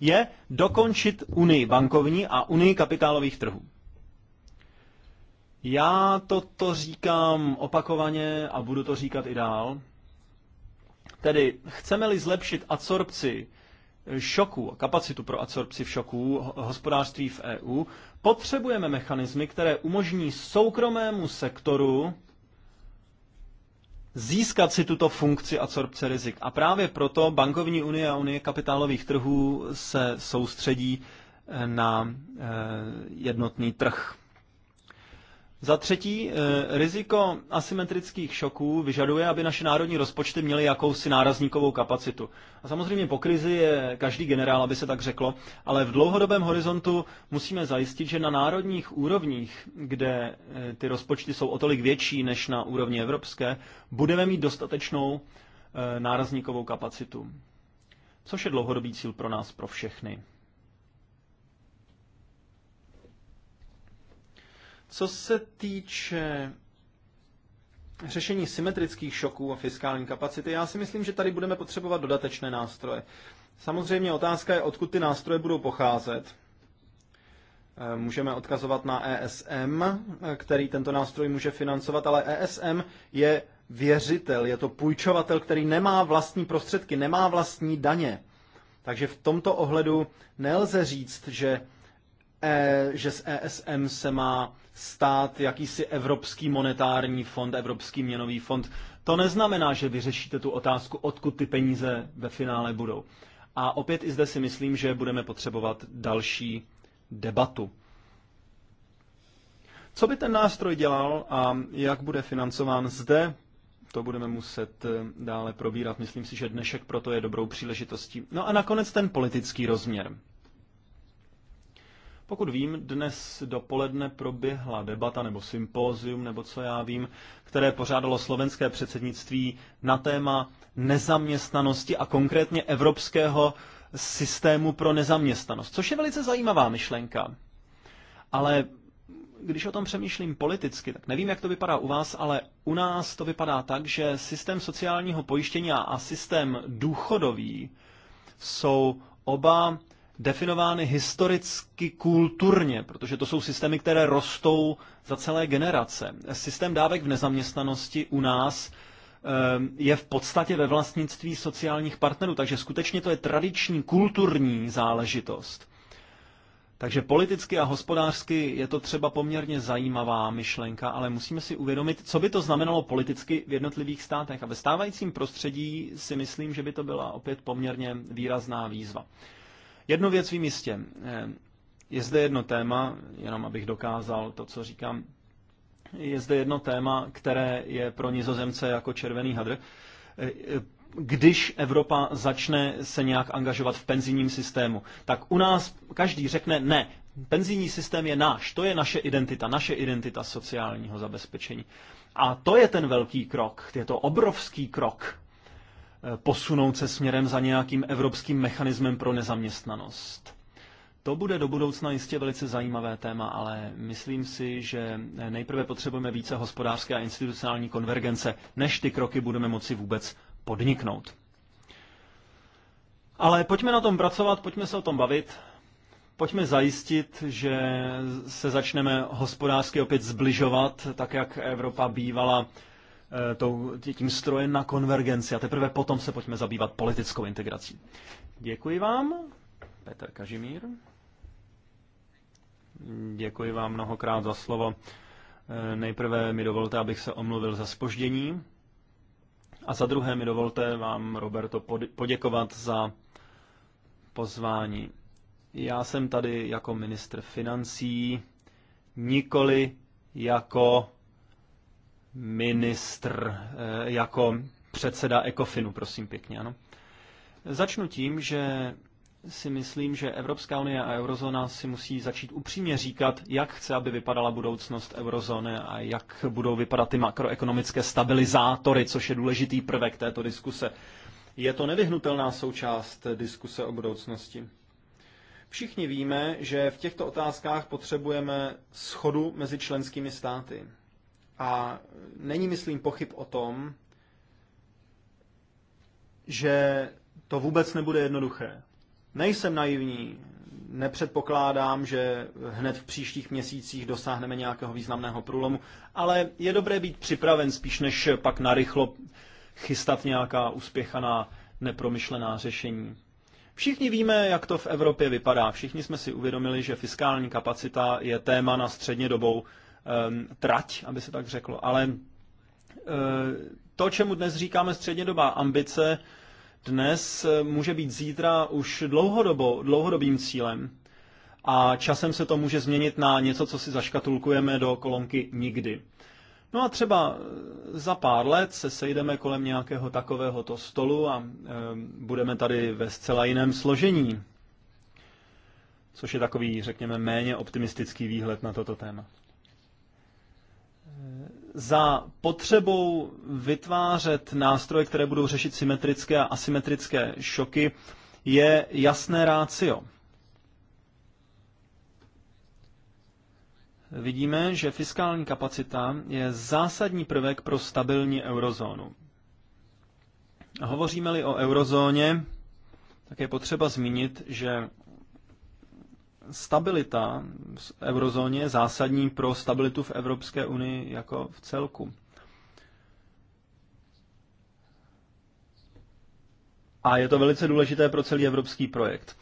je dokončit unii bankovní a unii kapitálových trhů. Já toto říkám opakovaně a budu to říkat i dál. Tedy chceme-li zlepšit adsorpci šoku, kapacitu pro absorpci v šoku hospodářství v EU, potřebujeme mechanismy, které umožní soukromému sektoru získat si tuto funkci absorpce rizik. A právě proto bankovní unie a unie kapitálových trhů se soustředí na eh, jednotný trh. Za třetí, eh, riziko asymetrických šoků vyžaduje, aby naše národní rozpočty měly jakousi nárazníkovou kapacitu. A samozřejmě po krizi je každý generál, aby se tak řeklo, ale v dlouhodobém horizontu musíme zajistit, že na národních úrovních, kde eh, ty rozpočty jsou o tolik větší než na úrovni evropské, budeme mít dostatečnou eh, nárazníkovou kapacitu. Což je dlouhodobý cíl pro nás, pro všechny. Co se týče řešení symetrických šoků a fiskální kapacity, já si myslím, že tady budeme potřebovat dodatečné nástroje. Samozřejmě otázka je, odkud ty nástroje budou pocházet. Eh, můžeme odkazovat na ESM, eh, který tento nástroj může financovat, ale ESM je věřitel, je to půjčovatel, který nemá vlastní prostředky, nemá vlastní daně. Takže v tomto ohledu nelze říct, že, e, že z ESM se má stát jakýsi Evropský monetární fond, Evropský měnový fond. To neznamená, že vyřešíte tu otázku, odkud ty peníze ve finále budou. A opět i zde si myslím, že budeme potřebovat další debatu. Co by ten nástroj dělal a jak bude financován zde, to budeme muset eh, dále probírat. Myslím si, že dnešek proto je dobrou příležitostí. No a nakonec ten politický rozměr. Pokud vím, dnes dopoledne proběhla debata nebo sympózium, nebo co já vím, které pořádalo slovenské předsednictví na téma nezaměstnanosti a konkrétně evropského systému pro nezaměstnanost, což je velice zajímavá myšlenka. Ale když o tom přemýšlím politicky, tak nevím, jak to vypadá u vás, ale u nás to vypadá tak, že systém sociálního pojištění a systém důchodový jsou oba definovány historicky kulturně, protože to jsou systémy, které rostou za celé generace. Systém dávek v nezaměstnanosti u nás ehm, je v podstatě ve vlastnictví sociálních partnerů, takže skutečně to je tradiční kulturní záležitost. Takže politicky a hospodářsky je to třeba poměrně zajímavá myšlenka, ale musíme si uvědomit, co by to znamenalo politicky v jednotlivých státech. A ve stávajícím prostředí si myslím, že by to byla opět poměrně výrazná výzva. Jednu věc vím jistě. Eh, je zde jedno téma, jenom abych dokázal to, co říkám. Je zde jedno téma, které je pro nizozemce jako červený hadr. Eh, eh, když Evropa začne se nějak angažovat v penzijním systému, tak u nás každý řekne ne, penzijní systém je náš, to je naše identita, naše identita sociálního zabezpečení. A to je ten velký krok, je to obrovský krok posunout se směrem za nějakým evropským mechanismem pro nezaměstnanost. To bude do budoucna jistě velice zajímavé téma, ale myslím si, že nejprve potřebujeme více hospodářské a institucionální konvergence, než ty kroky budeme moci vůbec podniknout. Ale pojďme na tom pracovat, pojďme se o tom bavit, pojďme zajistit, že se začneme hospodářsky opět zbližovat, tak jak Evropa bývala Eh, tím strojem na konvergenci a teprve potom se pojďme zabývat politickou integrací. Děkuji vám, Petr Kažimír. Děkuji vám mnohokrát za slovo. Eh, nejprve mi dovolte, abych se omluvil za spoždění. A za druhé mi dovolte vám, Roberto, poděkovat za pozvání. Já jsem tady jako ministr financí, nikoli jako ministr eh, jako předseda Ekofinu, prosím pěkně, ano. Začnu tím, že si myslím, že Evropská unie a eurozóna si musí začít upřímně říkat, jak chce, aby vypadala budoucnost eurozóny a jak budou vypadat ty makroekonomické stabilizátory, což je důležitý prvek této diskuse. Je to nevyhnutelná součást diskuse o budoucnosti. Všichni víme, že v těchto otázkách potřebujeme schodu mezi členskými státy. A není, myslím, pochyb o tom, že to vůbec nebude jednoduché. Nejsem naivní, nepředpokládám, že hned v příštích měsících dosáhneme nějakého významného průlomu, ale je dobré být připraven spíš než pak narychlo chystat nějaká uspěchaná nepromyšlená řešení. Všichni víme, jak to v Evropě vypadá. Všichni jsme si uvědomili, že fiskální kapacita je téma na střednědobou Ehm, trať, aby se tak řeklo. Ale eh, to, čemu dnes říkáme střednědobá ambice, dnes eh, může být zítra už dlouhodobo, dlouhodobým cílem. A časem se to může změnit na něco, co si zaškatulkujeme do kolonky nikdy. No a třeba eh, za pár let se sejdeme kolem nějakého takovéhoto stolu a e, budeme tady ve zcela jiném složení. Což je takový, řekněme, méně optimistický výhled na toto téma za potřebou vytvářet nástroje, které budou řešit symetrické a asymetrické šoky, je jasné rácio. Vidíme, že fiskální kapacita je zásadní prvek pro stabilní eurozónu. Hovoříme-li o eurozóně, tak je potřeba zmínit, že stabilita v eurozóně je zásadní pro stabilitu v Evropské unii jako v celku. A je to velice důležité pro celý evropský projekt.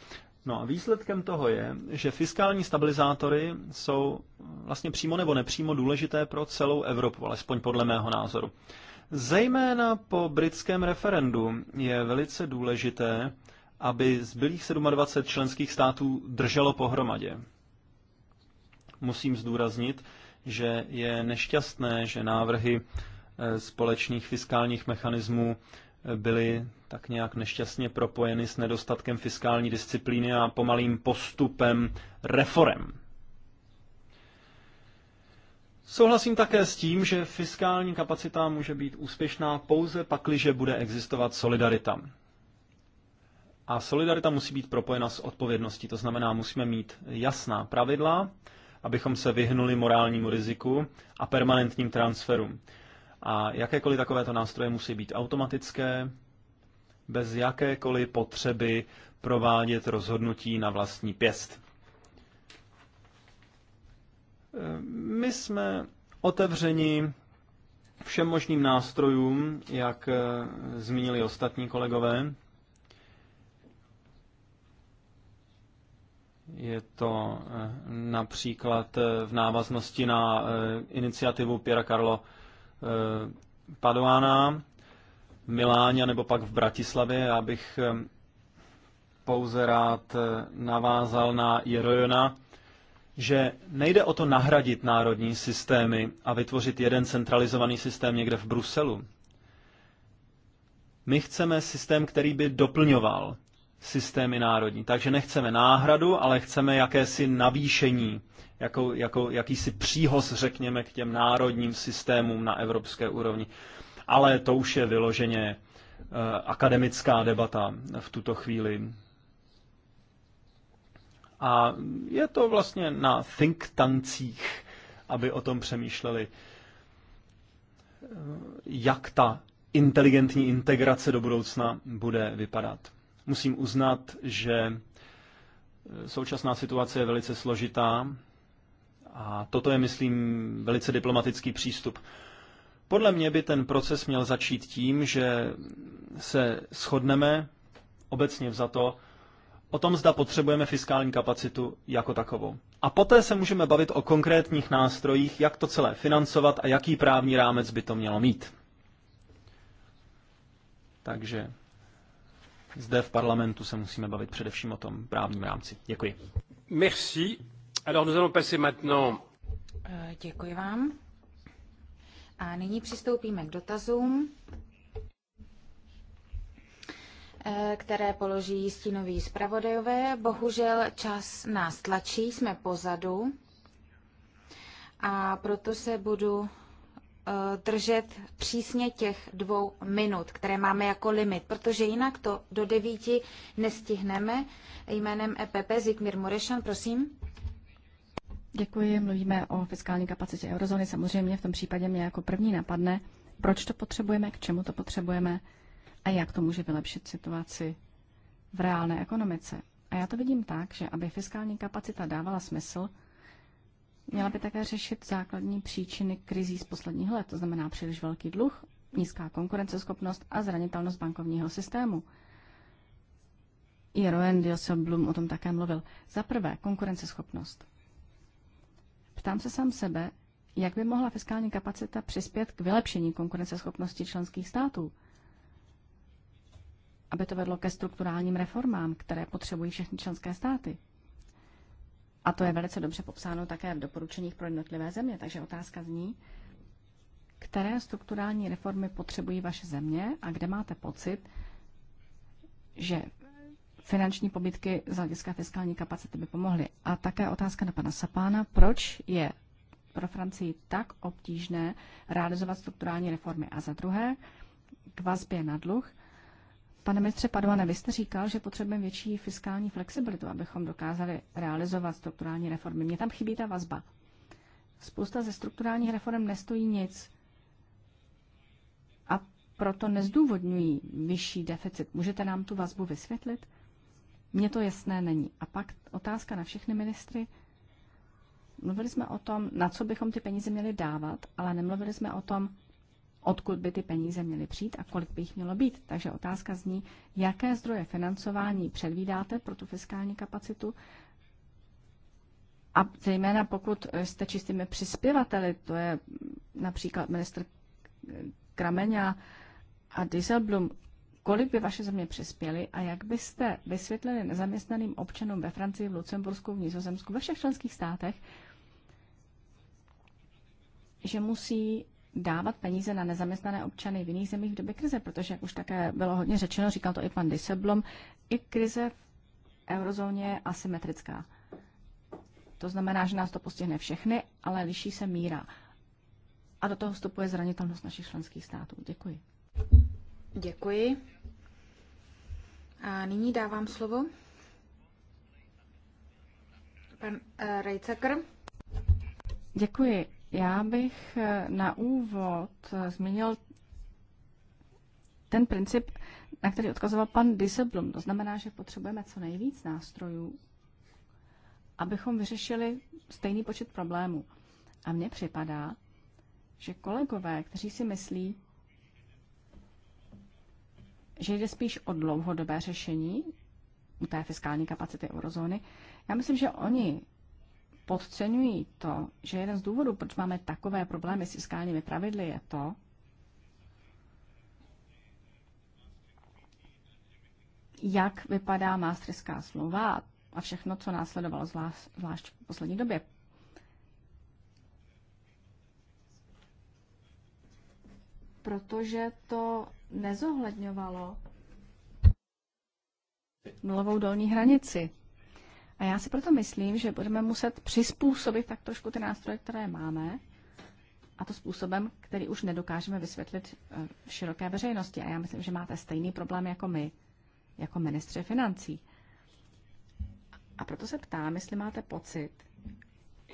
No a výsledkem toho je, že fiskální stabilizátory jsou vlastně přímo nebo nepřímo důležité pro celou Evropu, alespoň podle mého názoru. Zejména po britském referendu je velice důležité, aby zbylých 27 členských států drželo pohromadě. Musím zdůraznit, že je nešťastné, že návrhy eh, společných fiskálních mechanismů eh, byly tak nějak nešťastně propojeny s nedostatkem fiskální disciplíny a pomalým postupem reform. Souhlasím také s tím, že fiskální kapacita může být úspěšná pouze pakliže bude existovat solidarita. A solidarita musí být propojena s odpovědností, to znamená, musíme mít jasná pravidla, abychom se vyhnuli morálnímu riziku a permanentním transferům. A jakékoliv takovéto nástroje musí být automatické, bez jakékoliv potřeby provádět rozhodnutí na vlastní pěst. My jsme otevřeni všem možným nástrojům, jak eh, zmínili ostatní kolegové, Je to eh, například eh, v návaznosti na eh, iniciativu Piera Carlo Padoána v Miláně nebo pak v Bratislavě. Já bych pouze rád navázal na Jerojona, že nejde o to nahradit národní systémy a vytvořit jeden centralizovaný systém někde v Bruselu. My chceme systém, který by doplňoval systémy národní. Takže nechceme náhradu, ale chceme jakési navýšení, jako, jako, jakýsi příhoz, řekněme, k těm národním systémům na evropské úrovni. Ale to už je vyloženě eh, akademická debata v tuto chvíli. A je to vlastně na think tancích, aby o tom přemýšleli, eh, jak ta inteligentní integrace do budoucna bude vypadat. Musím uznat, že eh, současná situace je velice složitá a toto je, myslím, velice diplomatický přístup. Podle mě by ten proces měl začít tím, že se shodneme obecně to o tom, zda potřebujeme fiskální kapacitu jako takovou. A poté se můžeme bavit o konkrétních nástrojích, jak to celé financovat a jaký právní rámec by to mělo mít. Takže zde v parlamentu se musíme bavit především o tom právním rámci. Děkuji. Merci. Alors nous allons passer maintenant... Eh, děkuji vám. A nyní přistoupíme k dotazům, eh, které položí stínoví zpravodajové. Bohužel čas nás tlačí, jsme pozadu a proto se budu Eh, držet přísně těch dvou minut, které máme jako limit, protože jinak to do devíti nestihneme. Jménem EPP Zikmir Morešan, prosím. Děkuji, mluvíme o fiskální kapacitě eurozóny. Samozřejmě v tom případě mě jako první napadne, proč to potřebujeme, k čemu to potřebujeme a jak to může vylepšit situaci v reálné ekonomice. A já to vidím tak, že aby fiskální kapacita dávala smysl, Měla by také řešit základní příčiny krizí z posledních let, to znamená příliš velký dluh, nízká konkurenceschopnost a zranitelnost bankovního systému. I Rowan Dilsenblum o tom také mluvil. Za prvé, konkurenceschopnost. Ptám se sám sebe, jak by mohla fiskální kapacita přispět k vylepšení konkurenceschopnosti členských států? Aby to vedlo ke strukturálním reformám, které potřebují všechny členské státy. A to je velice dobře popsáno také v doporučeních pro jednotlivé země. Takže otázka zní, které strukturální reformy potřebují vaše země a kde máte pocit, že finanční pobytky z hlediska fiskální kapacity by pomohly. A také otázka na pana Sapána, proč je pro Francii tak obtížné realizovat strukturální reformy. A za druhé, k vazbě na dluh, Pane ministře Padovane, vy jste říkal, že potřebujeme větší fiskální flexibilitu, abychom dokázali realizovat strukturální reformy. Mně tam chybí ta vazba. Spousta ze strukturálních reform nestojí nic a proto nezdůvodňují vyšší deficit. Můžete nám tu vazbu vysvětlit? Mně to jasné není. A pak otázka na všechny ministry. Mluvili jsme o tom, na co bychom ty peníze měli dávat, ale nemluvili jsme o tom, odkud by ty peníze měly přijít a kolik by jich mělo být. Takže otázka zní, jaké zdroje financování předvídáte pro tu fiskální kapacitu a zejména pokud jste čistými přispěvateli, to je například ministr Krameňa a Dieselblum, kolik by vaše země přispěly a jak byste vysvětlili nezaměstnaným občanům ve Francii, v Lucembursku, v Nizozemsku, ve všech členských státech, že musí dávat peníze na nezaměstnané občany v jiných zemích v době krize, protože, jak už také bylo hodně řečeno, říkal to i pan Dyseblom, i krize v eurozóně je asymetrická. To znamená, že nás to postihne všechny, ale liší se míra. A do toho vstupuje zranitelnost našich členských států. Děkuji. Děkuji. A nyní dávám slovo pan uh, Rejcekr. Děkuji. Já bych eh, na úvod eh, zmínil ten princip, na který odkazoval pan Disseblum. To znamená, že potřebujeme co nejvíc nástrojů, abychom vyřešili stejný počet problémů. A mně připadá, že kolegové, kteří si myslí, že jde spíš o dlouhodobé řešení u té fiskální kapacity eurozóny, já myslím, že oni podceňují to, že jeden z důvodů, proč máme takové problémy s fiskálními pravidly, je to, jak vypadá Maastrichtská smlouva a všechno, co následovalo, zvlášť v poslední době. Protože to nezohledňovalo nulovou dolní hranici. A já si proto myslím, že budeme muset přizpůsobit tak trošku ty nástroje, které máme, a to způsobem, který už nedokážeme vysvětlit v eh, široké veřejnosti. A já myslím, že máte stejný problém jako my, jako ministři financí. A proto se ptám, jestli máte pocit,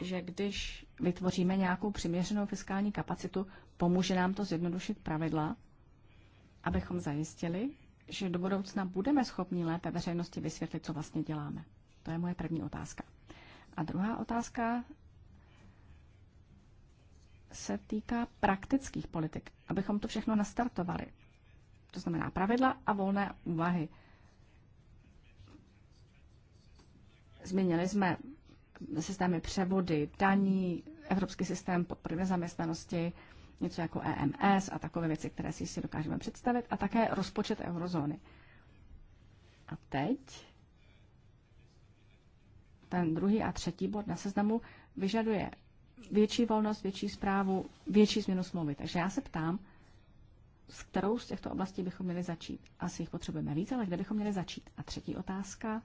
že když vytvoříme nějakou přiměřenou fiskální kapacitu, pomůže nám to zjednodušit pravidla, abychom zajistili, že do budoucna budeme schopni lépe veřejnosti vysvětlit, co vlastně děláme. To je moje první otázka. A druhá otázka se týká praktických politik, abychom to všechno nastartovali. To znamená pravidla a volné úvahy. Změnili jsme systémy převody, daní, evropský systém podpory nezaměstnanosti, něco jako EMS a takové věci, které si si dokážeme představit, a také rozpočet eurozóny. A teď ten druhý a třetí bod na seznamu vyžaduje větší volnost, větší zprávu, větší změnu smlouvy. Takže já se ptám, s kterou z těchto oblastí bychom měli začít. Asi jich potřebujeme víc, ale kde bychom měli začít? A třetí otázka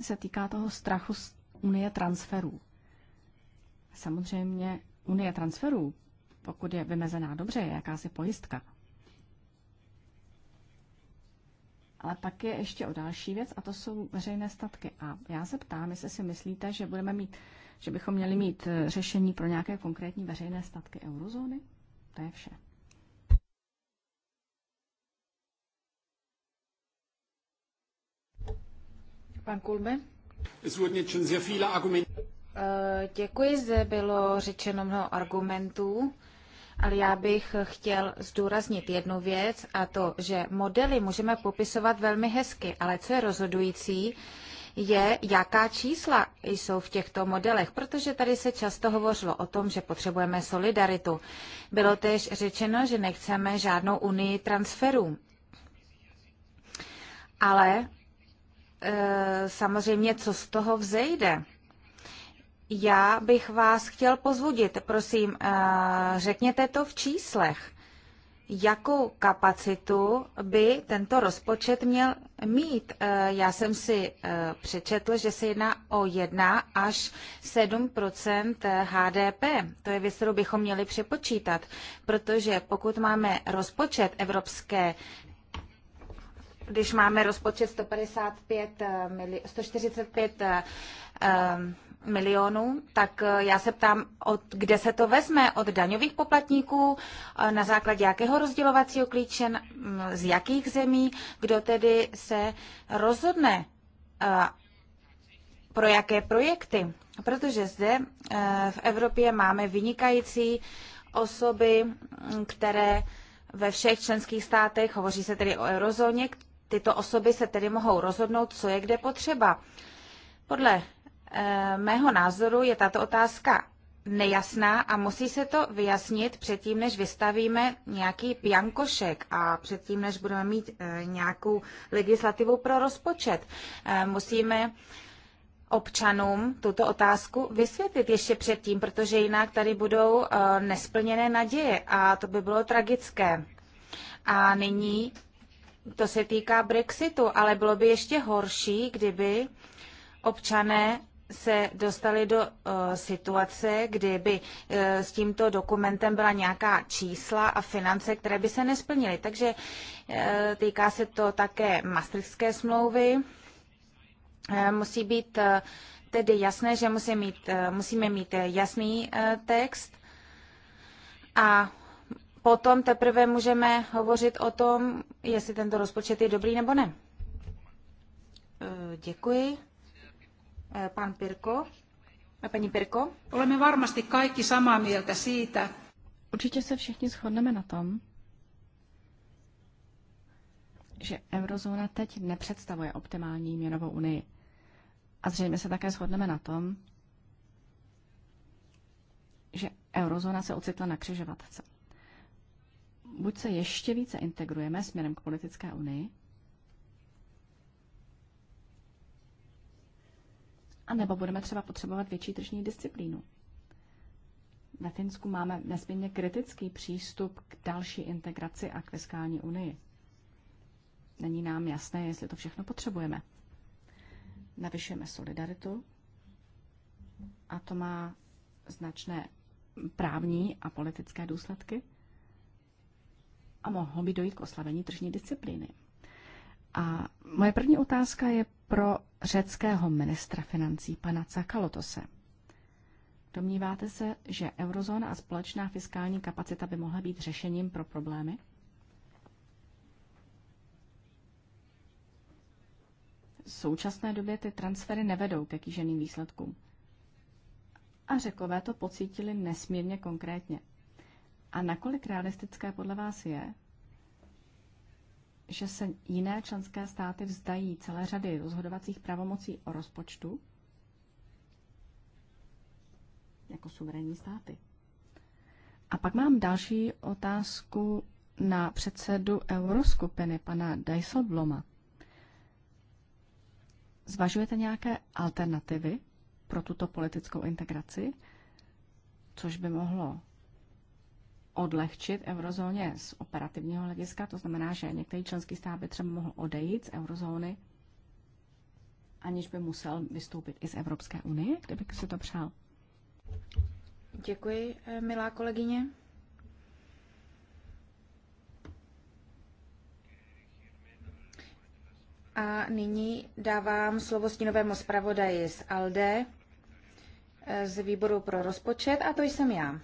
se týká toho strachu z Unie transferů. Samozřejmě Unie transferů, pokud je vymezená dobře, je jakási pojistka. Ale pak je ještě o další věc a to jsou veřejné statky. A já se ptám, jestli si myslíte, že budeme mít, že bychom měli mít eh, řešení pro nějaké konkrétní veřejné statky eurozóny? To je vše. Pan Kulbe? Eh, děkuji, zde bylo řečeno mnoho argumentů ale já bych chtěl zdůraznit jednu věc a to, že modely můžeme popisovat velmi hezky, ale co je rozhodující, je, jaká čísla jsou v těchto modelech, protože tady se často hovořilo o tom, že potřebujeme solidaritu. Bylo též řečeno, že nechceme žádnou unii transferů. Ale e, samozřejmě, co z toho vzejde? já bych vás chtěl pozvudit, Prosím, eh, řekněte to v číslech. Jakou kapacitu by tento rozpočet měl mít? Eh, já jsem si eh, přečetl, že se jedná o 1 až 7 HDP. To je věc, kterou bychom měli přepočítat, protože pokud máme rozpočet Evropské když máme rozpočet 155 mili- 145 milionů, tak eh, já se ptám, od kde se to vezme? Od daňových poplatníků? Eh, na základě jakého rozdělovacího klíče? Z jakých zemí? Kdo tedy se rozhodne eh, pro jaké projekty? Protože zde v Evropě máme vynikající osoby, které ve všech členských státech, hovoří se tedy o eurozóně, tyto osoby se tedy mohou rozhodnout, co je kde potřeba. Podle Eh, mého názoru je tato otázka nejasná a musí se to vyjasnit předtím, než vystavíme nějaký piankošek a předtím, než budeme mít eh, nějakou legislativu pro rozpočet. Eh, musíme občanům tuto otázku vysvětlit ještě předtím, protože jinak tady budou nesplněné naděje a to by bylo tragické. A nyní to se týká Brexitu, ale bylo by ještě horší, kdyby občané se dostali do uh, situace, kdyby uh, eh, s tímto dokumentem byla nějaká čísla a finance, které by se nesplnily. Takže uh, týká se to také Maastrichtské smlouvy. Uh, musí být uh, tedy jasné, že musí mít, uh, musíme mít jasný uh, text a potom teprve můžeme hovořit o tom, jestli tento rozpočet je dobrý nebo ne. Děkuji. Eh, pan Pirko. Eh, paní Pirko. Olemme varmasti kaikki samaa mieltä siitä. Určitě se všichni shodneme na tom, že eurozóna teď nepředstavuje optimální měnovou unii. A zřejmě se také shodneme na tom, že eurozóna se ocitla na křižovatce. Buď se ještě více integrujeme směrem k politické unii, A nebo budeme třeba potřebovat větší tržní disciplínu. Ve Finsku máme nesmírně kritický přístup k další integraci a k fiskální unii. Není nám jasné, jestli to všechno potřebujeme. Navyšujeme solidaritu a to má značné právní a politické důsledky a mohlo by dojít k oslabení tržní disciplíny. A moje první otázka je pro řeckého ministra financí pana Cakalotose. Domníváte se, že eurozóna a společná fiskální kapacita by mohla být řešením pro problémy? V současné době ty transfery nevedou ke kýženým výsledkům. A řekové to pocítili nesmírně konkrétně. A nakolik realistické podle vás je, že se jiné členské státy vzdají celé řady rozhodovacích pravomocí o rozpočtu jako suverénní státy. A pak mám další otázku na předsedu euroskupiny, pana Dijsselbloma. Zvažujete nějaké alternativy pro tuto politickou integraci, což by mohlo odlehčit eurozóně z operativního hlediska, to znamená, že některý členský stát by třeba mohl odejít z eurozóny, aniž by musel vystoupit i z Evropské unie, kdyby si to přál. Děkuji, eh, milá kolegyně. A nyní dávám slovo stínovému zpravodaji z ALDE, eh, z výboru pro rozpočet, a to jsem já.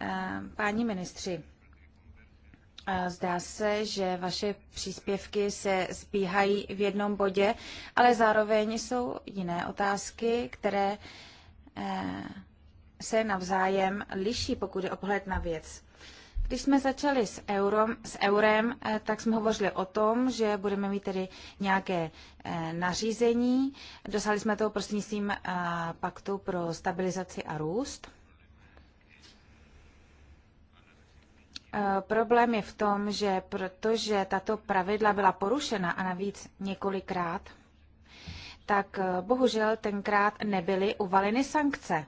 Eh, páni ministři, eh, Zdá se, že vaše příspěvky se zbíhají v jednom bodě, ale zároveň jsou jiné otázky, které eh, se navzájem liší, pokud je ohled na věc. Když jsme začali s, eurom, s eurem, tak jsme hovořili o tom, že budeme mít tedy nějaké nařízení. Dosáhli jsme toho prostřednictvím paktu pro stabilizaci a růst. Eh, problém je v tom, že protože tato pravidla byla porušena a navíc několikrát, tak eh, bohužel tenkrát nebyly uvaleny sankce.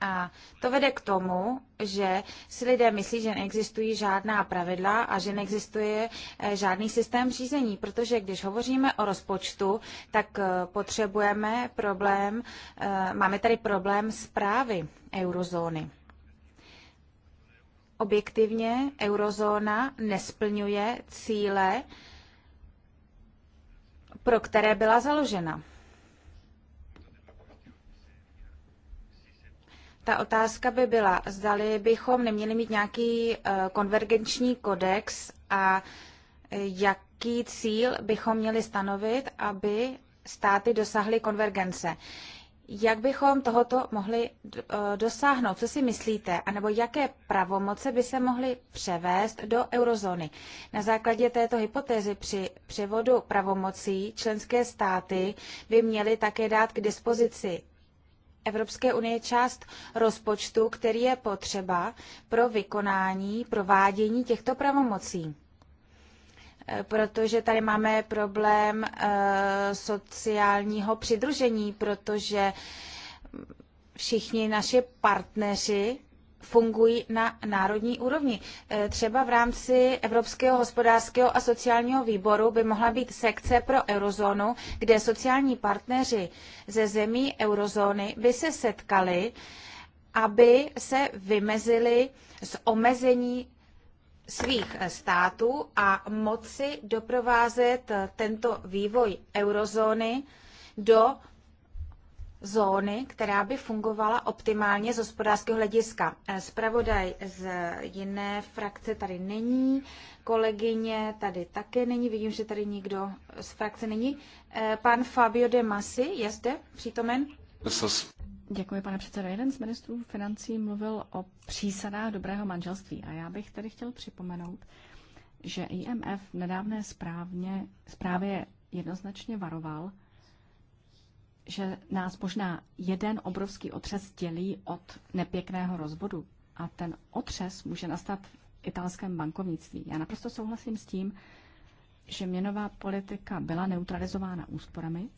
A to vede k tomu, že si lidé myslí, že neexistují žádná pravidla a že neexistuje eh, žádný systém řízení, protože když hovoříme o rozpočtu, tak potřebujeme problém, máme tady problém zprávy eurozóny objektivně eurozóna nesplňuje cíle, pro které byla založena. Ta otázka by byla, zdali bychom neměli mít nějaký eh, konvergenční kodex a eh, jaký cíl bychom měli stanovit, aby státy dosáhly konvergence. Jak bychom tohoto mohli e, dosáhnout? Co si myslíte? A nebo jaké pravomoce by se mohly převést do eurozóny? Na základě této hypotézy při převodu pravomocí členské státy by měly také dát k dispozici Evropské unie část rozpočtu, který je potřeba pro vykonání, provádění těchto pravomocí. Eh, protože tady máme problém eh, sociálního přidružení, protože všichni naši partneři fungují na národní úrovni. Eh, třeba v rámci Evropského hospodářského a sociálního výboru by mohla být sekce pro eurozónu, kde sociální partneři ze zemí eurozóny by se setkali, aby se vymezili z omezení svých eh, států a moci doprovázet eh, tento vývoj eurozóny do zóny, která by fungovala optimálně z hospodářského hlediska. Spravodaj eh, z jiné frakce tady není, kolegyně tady také není, vidím, že tady nikdo z frakce není. Pan Fabio de Masi je zde přítomen? Děkuji, pane předsedo. Jeden z ministrů financí mluvil o přísadách dobrého manželství a já bych tedy chtěl připomenout, že IMF v nedávné správně, zprávě jednoznačně varoval, že nás možná jeden obrovský otřes dělí od nepěkného rozvodu. A ten otřes může nastat v italském bankovnictví. Já naprosto souhlasím s tím, že měnová politika byla neutralizována úsporami,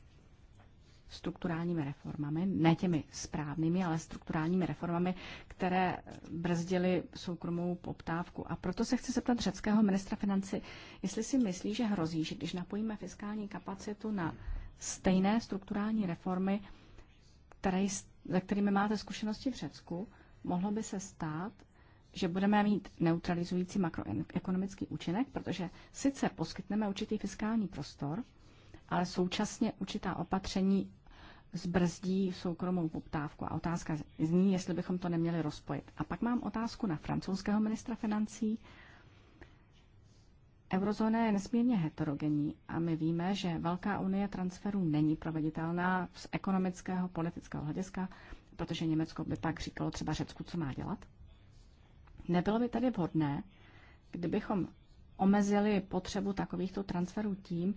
strukturálními reformami, ne těmi správnými, ale strukturálními reformami, které brzdily soukromou poptávku. A proto se chci zeptat řeckého ministra financí, jestli si myslí, že hrozí, že když napojíme fiskální kapacitu na stejné strukturální reformy, které, za kterými máte zkušenosti v Řecku, mohlo by se stát, že budeme mít neutralizující makroekonomický účinek, protože sice poskytneme určitý fiskální prostor, ale současně určitá opatření zbrzdí soukromou poptávku. A otázka zní, jestli bychom to neměli rozpojit. A pak mám otázku na francouzského ministra financí. Eurozóna je nesmírně heterogenní a my víme, že velká unie transferů není proveditelná z ekonomického, politického hlediska, protože Německo by pak říkalo třeba Řecku, co má dělat. Nebylo by tady vhodné, kdybychom omezili potřebu takovýchto transferů tím,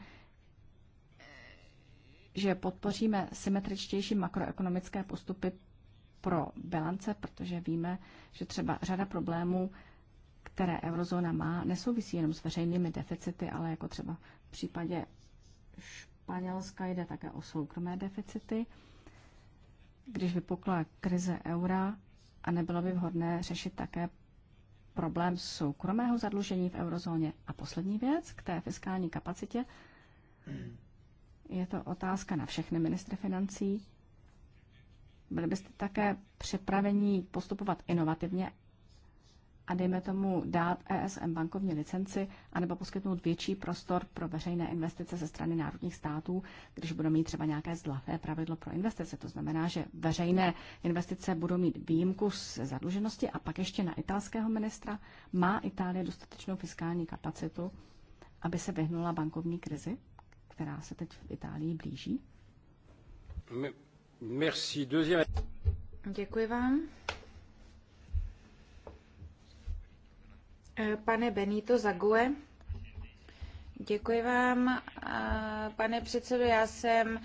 že podpoříme symetričtější makroekonomické postupy pro bilance, protože víme, že třeba řada problémů, které eurozóna má, nesouvisí jenom s veřejnými deficity, ale jako třeba v případě Španělska jde také o soukromé deficity. Když vypukla krize eura a nebylo by vhodné řešit také problém soukromého zadlužení v eurozóně. A poslední věc k té fiskální kapacitě. Je to otázka na všechny ministry financí. Byli byste také připraveni postupovat inovativně a dejme tomu dát ESM bankovní licenci, anebo poskytnout větší prostor pro veřejné investice ze strany národních států, když budou mít třeba nějaké zlaté pravidlo pro investice. To znamená, že veřejné investice budou mít výjimku z zadluženosti a pak ještě na italského ministra. Má Itálie dostatečnou fiskální kapacitu, aby se vyhnula bankovní krizi? která se teď v Itálii blíží? Merci. Deuxième... Děkuji vám. Eh, pane Benito Zague. Děkuji vám, pane předsedo. Já jsem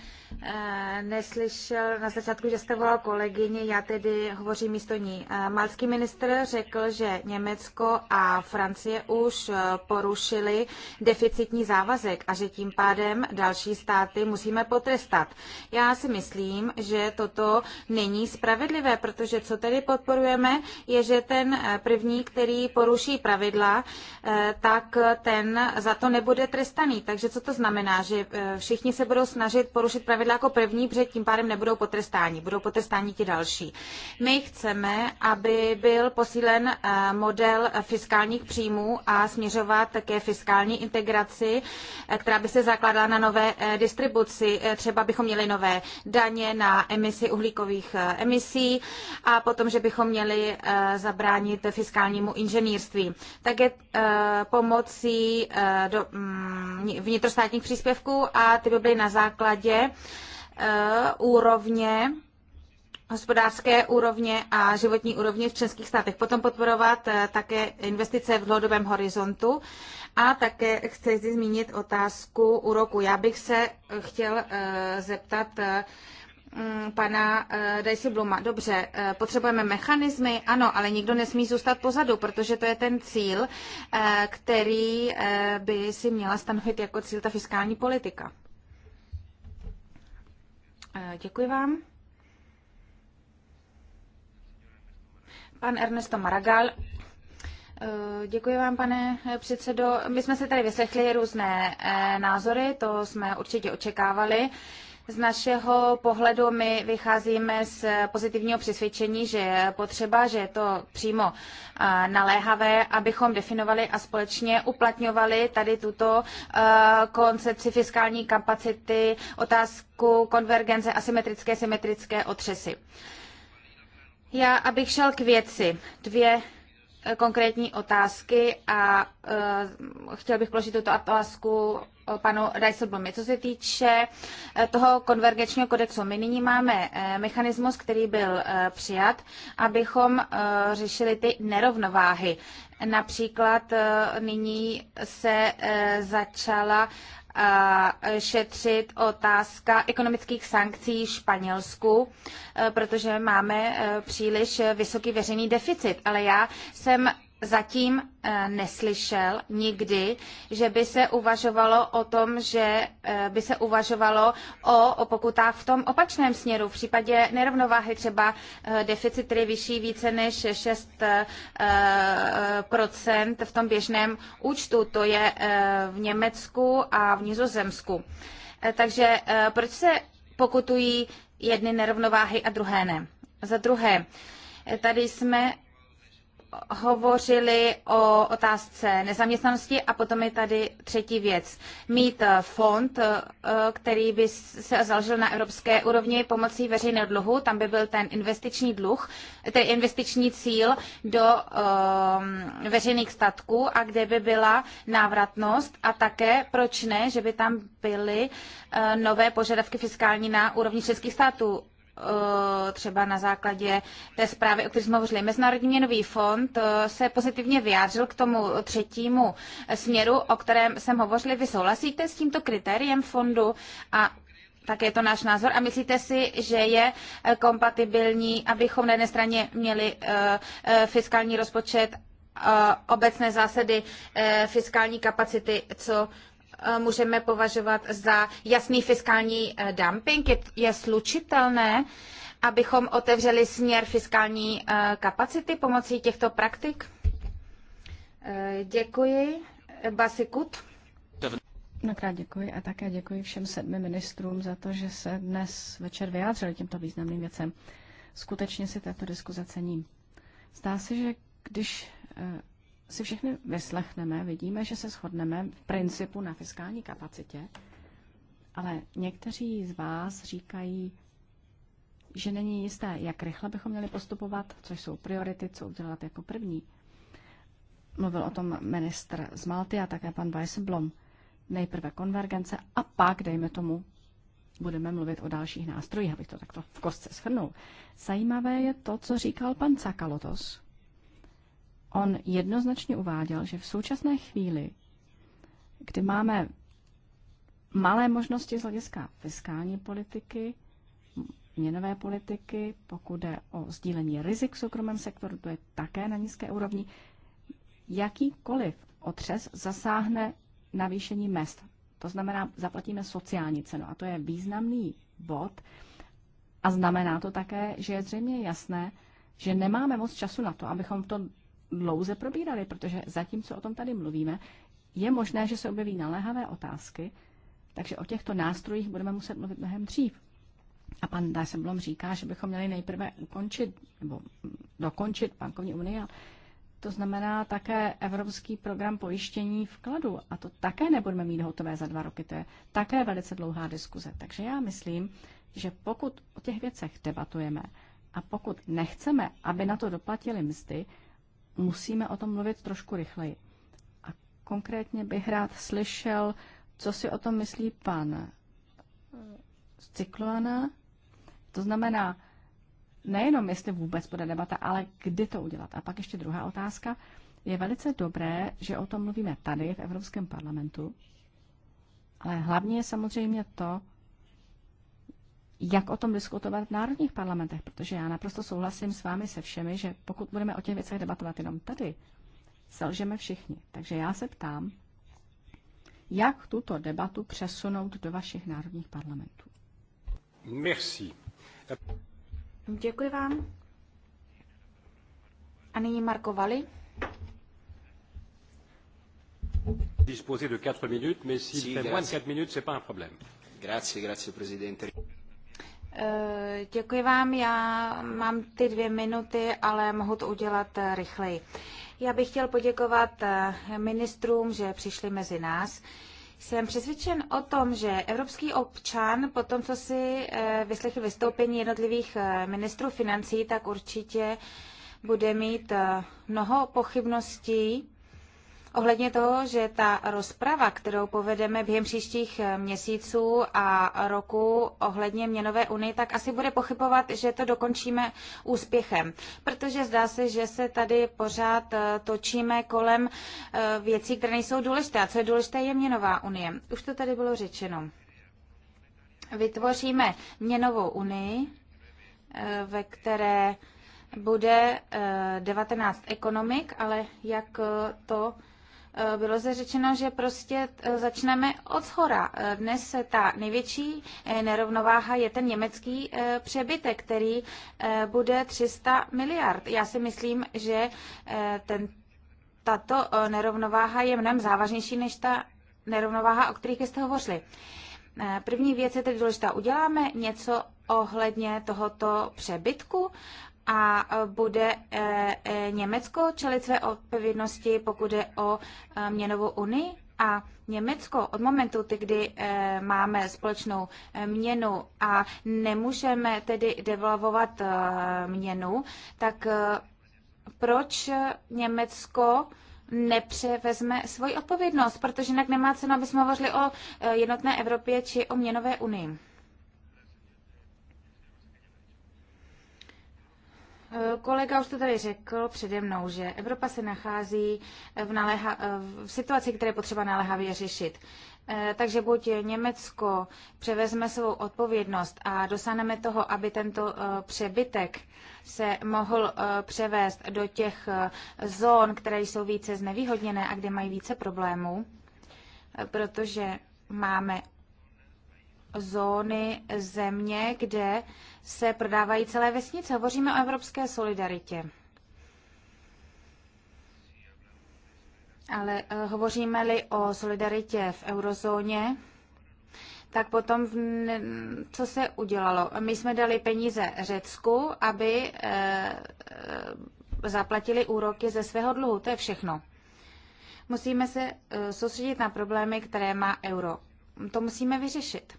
neslyšel na začátku, že jste volal kolegyni, já tedy hovořím místo ní. Malský minister řekl, že Německo a Francie už porušili deficitní závazek a že tím pádem další státy musíme potrestat. Já si myslím, že toto není spravedlivé, protože co tedy podporujeme, je, že ten první, který poruší pravidla, tak ten za to nebude bude trestaný. Takže co to znamená? Že e, všichni se budou snažit porušit pravidla jako první, protože tím pádem nebudou potrestáni, budou potrestáni ti další. My chceme, aby byl posílen e, model fiskálních příjmů a směřovat ke fiskální integraci, e, která by se zakládala na nové distribuci. Třeba bychom měli nové daně na emisi uhlíkových emisí a potom, že bychom měli zabránit fiskálnímu inženýrství. Také pomocí do, mm, Mm, vnitrostátních příspěvků a ty by byly na základě eh, úrovně hospodářské úrovně a životní úrovně v českých státech. Potom podporovat eh, také investice v dlouhodobém horizontu a také chci zmínit otázku úroku. Já bych se eh, chtěl zeptat Mm, pana eh, Dijsselbluma. Dobře, eh, potřebujeme mechanismy, ano, ale nikdo nesmí zůstat pozadu, protože to je ten cíl, eh, který by si měla stanovit jako cíl ta fiskální politika. Děkuji vám. Pan Ernesto Maragal. Děkuji vám, pane předsedo. My jsme se tady vyslechli různé názory, to jsme určitě očekávali. Z našeho pohledu my vycházíme z pozitivního přesvědčení, že je potřeba, že je to přímo naléhavé, abychom definovali a společně uplatňovali tady tuto koncepci fiskální kapacity, otázku konvergence, asymetrické, symetrické otřesy. Já, abych šel k věci, dvě konkrétní otázky a uh, chtěl bych položit tuto otázku eh, panu Dijsselblomi. Co se týče eh, toho konvergenčního kodexu, my nyní máme mechanismus, který byl přijat, abychom řešili ty nerovnováhy. Například nyní se začala šetřit otázka ekonomických sankcí Španělsku, e, protože máme e, příliš vysoký veřejný deficit. Ale já jsem zatím eh, neslyšel nikdy, že by se uvažovalo o tom, že eh, by se uvažovalo o, o pokutách v tom opačném směru. V případě nerovnováhy třeba eh, deficit, který vyšší více než 6% v tom běžném účtu, to je v Německu a v Nizozemsku. Takže proč se pokutují jedny nerovnováhy a druhé ne? Za druhé, tady jsme hovořili o otázce nezaměstnanosti a potom je tady třetí věc. Mít eh, fond, eh, který by se založil na evropské úrovni pomocí veřejného dluhu, tam by byl ten investiční dluh, ten investiční cíl do um, veřejných statků a kde by byla návratnost a také, proč ne, že by tam byly uh, nové požadavky fiskální na úrovni českých států Eh, třeba na základě té zprávy, o které jsme hovořili. Mezinárodní měnový fond eh, se pozitivně vyjádřil k tomu třetímu směru, o kterém jsem hovořili. Vy souhlasíte s tímto kritériem fondu a tak je to náš názor. A myslíte si, že je eh, kompatibilní, abychom na jedné straně měli fiskální rozpočet, obecné zásady fiskální kapacity, co Eh, můžeme považovat za jasný fiskální eh, dumping? Je, je slučitelné, abychom otevřeli směr fiskální eh, kapacity pomocí těchto praktik? Děkuji. Basikut. Mnohokrát děkuji a také děkuji všem sedmi ministrům za to, že se dnes večer vyjádřili těmto významným věcem. Skutečně si této diskuze cením. Zdá se, že když si všechny vyslechneme, vidíme, že se shodneme v principu na fiskální kapacitě, ale někteří z vás říkají, že není jisté, jak rychle bychom měli postupovat, což jsou priority, co udělat jako první. Mluvil o tom ministr z Malty a také pan Weissblom. Nejprve konvergence a pak, dejme tomu, budeme mluvit o dalších nástrojích, abych to takto v kostce shrnul. Zajímavé je to, co říkal pan Cakalotos On jednoznačně uváděl, že v současné chvíli, kdy máme malé možnosti z hlediska fiskální politiky, měnové politiky, pokud jde o sdílení rizik v soukromém sektoru, to je také na nízké úrovni, jakýkoliv otřes zasáhne navýšení mest. To znamená, zaplatíme sociální cenu a to je významný bod a znamená to také, že je zřejmě jasné, že nemáme moc času na to, abychom to dlouze probírali, protože zatímco o tom tady mluvíme, je možné, že se objeví naléhavé otázky, takže o těchto nástrojích budeme muset mluvit mnohem dřív. A pan Dijsselblom říká, že bychom měli nejprve ukončit nebo dokončit bankovní unii a to znamená také Evropský program pojištění vkladu a to také nebudeme mít hotové za dva roky. To je také velice dlouhá diskuze. Takže já myslím, že pokud o těch věcech debatujeme a pokud nechceme, aby na to doplatili mzdy, musíme o tom mluvit trošku rychleji. A konkrétně bych rád slyšel, co si o tom myslí pan z eh, Cyklona. To znamená, nejenom jestli vůbec bude debata, ale kdy to udělat. A pak ještě druhá otázka. Je velice dobré, že o tom mluvíme tady v Evropském parlamentu, ale hlavně je samozřejmě to, jak o tom diskutovat v národních parlamentech, protože já naprosto souhlasím s vámi se všemi, že pokud budeme o těch věcech debatovat jenom tady, selžeme všichni. Takže já se ptám, jak tuto debatu přesunout do vašich národních parlamentů. Merci. Děkuji vám. A nyní Marko Vali. Disposé de 4 minutes, mais si, fait moins de 4 minutes, c'est pas un problème. Grazie, grazie, presidente. Eh, děkuji vám, já mám ty dvě minuty, ale mohu to udělat eh, rychleji. Já bych chtěl poděkovat eh, ministrům, že přišli mezi nás. Jsem přesvědčen o tom, že evropský občan, po tom, co si vyslechl vystoupení jednotlivých ministrů financí, tak určitě bude mít mnoho pochybností Ohledně toho, že ta rozprava, kterou povedeme během příštích eh, měsíců a roku ohledně měnové unie, tak asi bude pochybovat, že to dokončíme úspěchem. Protože zdá se, že se tady pořád eh, točíme kolem eh, věcí, které nejsou důležité. A co je důležité, je měnová unie. Už to tady bylo řečeno. Vytvoříme měnovou unii, ve které bude 19 ekonomik, ale jak to Eh, bylo zde řečeno, že prostě eh, začneme od shora. Eh, dnes ta největší nerovnováha je ten německý přebytek, který bude 300 miliard. Já si myslím, že ten, tato nerovnováha je mnohem závažnější než ta nerovnováha, o kterých jste hovořili. První věc je tedy důležitá. Uděláme něco ohledně tohoto přebytku a e, bude e, e, Německo čelit své odpovědnosti, pokud je o měnovou unii? A Německo od momentu, kdy máme společnou měnu a nemůžeme tedy devalvovat měnu, tak proč Německo nepřevezme svoji odpovědnost? Protože jinak nemá cenu, aby jsme hovořili o jednotné Evropě či o měnové unii. Eh, kolega už to tady řekl přede mnou, že Evropa se nachází eh, v, naléha, eh, v situaci, které je potřeba naléhavě řešit. Takže buď Německo převezme svou odpovědnost a dosáhneme toho, aby tento přebytek se mohl převést do těch zón, které jsou více znevýhodněné a kde mají více problémů, protože máme zóny země, kde se prodávají celé vesnice. Hovoříme o evropské solidaritě. Ale eh, hovoříme-li o solidaritě v eurozóně, tak potom, co se udělalo? My jsme dali peníze Řecku, aby eh, zaplatili úroky ze svého dluhu. To je všechno. Musíme se eh, soustředit na problémy, které má euro. To musíme vyřešit.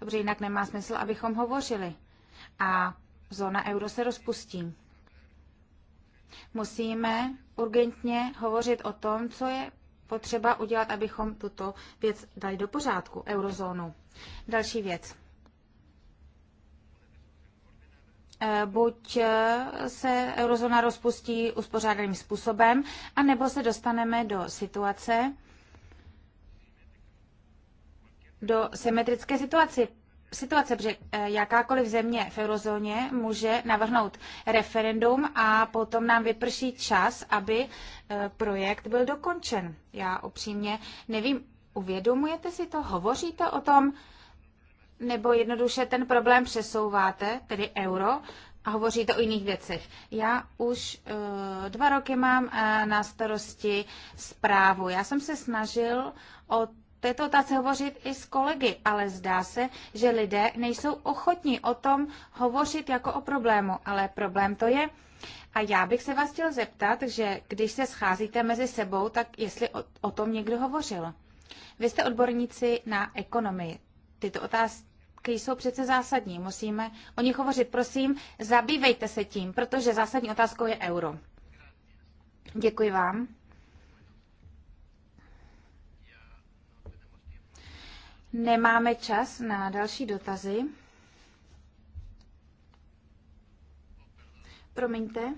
Dobře, jinak nemá smysl, abychom hovořili. A zóna euro se rozpustí. Musíme urgentně hovořit o tom, co je potřeba udělat, abychom tuto věc dali do pořádku, eurozónu. Další věc. Eh, buď eh, se eurozóna rozpustí uspořádaným způsobem, anebo se dostaneme do situace, do symetrické situaci, situace, protože eh, jakákoliv země v eurozóně může navrhnout referendum a potom nám vyprší čas, aby eh, projekt byl dokončen. Já upřímně nevím, uvědomujete si to, hovoříte o tom, nebo jednoduše ten problém přesouváte, tedy euro, a hovoříte o jiných věcech. Já už uh, dva roky mám uh, na starosti zprávu. Já jsem se snažil o této otázce hovořit i s kolegy, ale zdá se, že lidé nejsou ochotní o tom hovořit jako o problému, ale problém to je. A já bych se vás chtěl zeptat, že když se scházíte mezi sebou, tak jestli o, o tom někdo hovořil. Vy jste odborníci na ekonomii. Tyto otázky jsou přece zásadní, musíme o nich hovořit. Prosím, zabývejte se tím, protože zásadní otázkou je euro. Děkuji vám. Nemáme čas na další dotazy. Promiňte.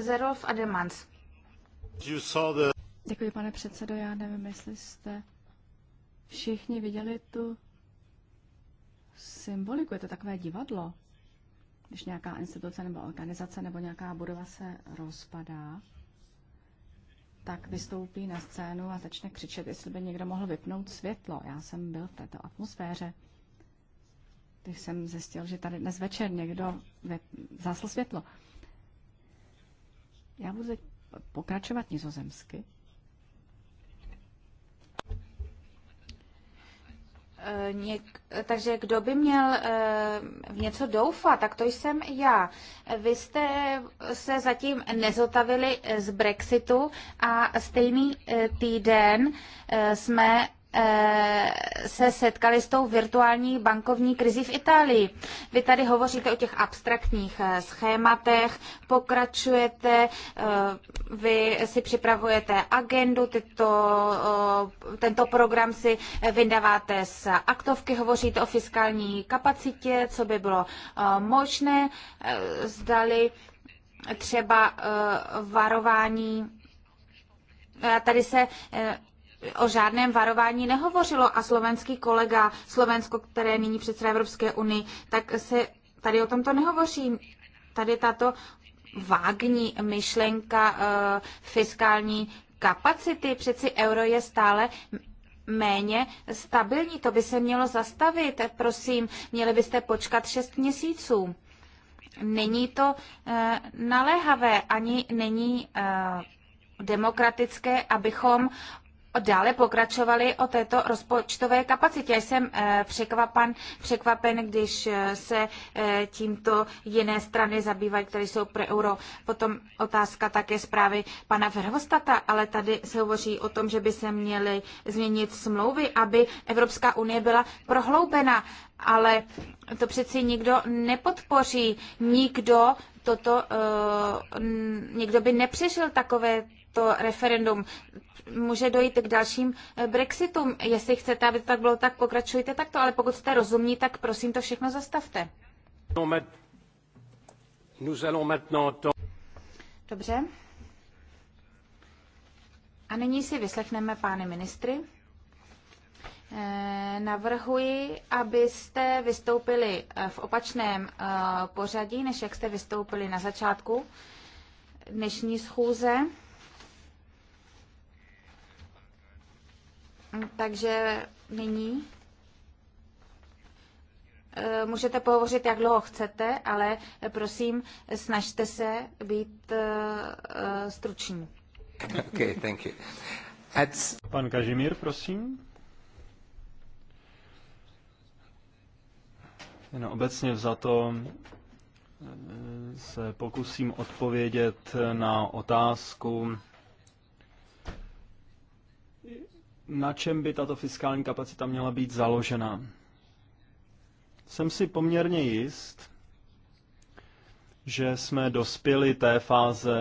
Zerolf Ademans. Děkuji, pane předsedo. Já nevím, jestli jste všichni viděli tu symboliku. Je to takové divadlo. Když nějaká instituce nebo organizace nebo nějaká budova se rozpadá, tak vystoupí na scénu a začne křičet, jestli by někdo mohl vypnout světlo. Já jsem byl v této atmosféře. Když jsem zjistil, že tady dnes večer někdo zasl světlo. Já budu pokračovat nizozemsky. Eh, něk, takže kdo by měl eh, v něco doufat, tak to jsem já. Vy jste se zatím nezotavili z Brexitu a stejný eh, týden jsme Eh, se setkali s tou virtuální bankovní krizi v Itálii. Vy tady hovoříte o těch abstraktních eh, schématech, pokračujete, eh, vy si připravujete agendu, tyto, tento program si vydáváte z aktovky, hovoříte o fiskální kapacitě, co by bylo možné, zdali třeba varování tady se o žádném varování nehovořilo a slovenský kolega, Slovensko, které nyní předseda Evropské unii, tak se tady o tomto nehovoří. Tady tato vágní myšlenka uh, fiskální kapacity, přeci euro je stále méně stabilní, to by se mělo zastavit. Prosím, měli byste počkat 6 měsíců. Není to e, naléhavé, ani není e, demokratické, abychom dále pokračovali o této rozpočtové kapacitě. Já jsem eh, překvapen, překvapen, když eh, se eh, tímto jiné strany zabývají, které jsou pro euro. Potom otázka také zprávy pana Verhostata, ale tady se hovoří o tom, že by se měly změnit smlouvy, aby Evropská unie byla prohloubena. Ale to přeci nikdo nepodpoří. Nikdo toto, uh, nikdo by nepřešel takové to referendum může dojít k dalším eh, Brexitům. Jestli chcete, aby to tak bylo, tak pokračujte takto, ale pokud jste rozumní, tak prosím to všechno zastavte. Dobře. A nyní si vyslechneme pány ministry. Eh, navrhuji, abyste vystoupili eh, v opačném pořadí, než jak jste vystoupili na začátku dnešní schůze. Hm, takže nyní eh, můžete pohovořit, jak dlouho chcete, ale prosím, snažte se být eh, eh, struční. Okay, thank you. Pan Kažimír, prosím. Jen obecně to se pokusím odpovědět na otázku, na čem by tato fiskální kapacita měla být založena. Jsem si poměrně jist, že jsme dospěli té fáze,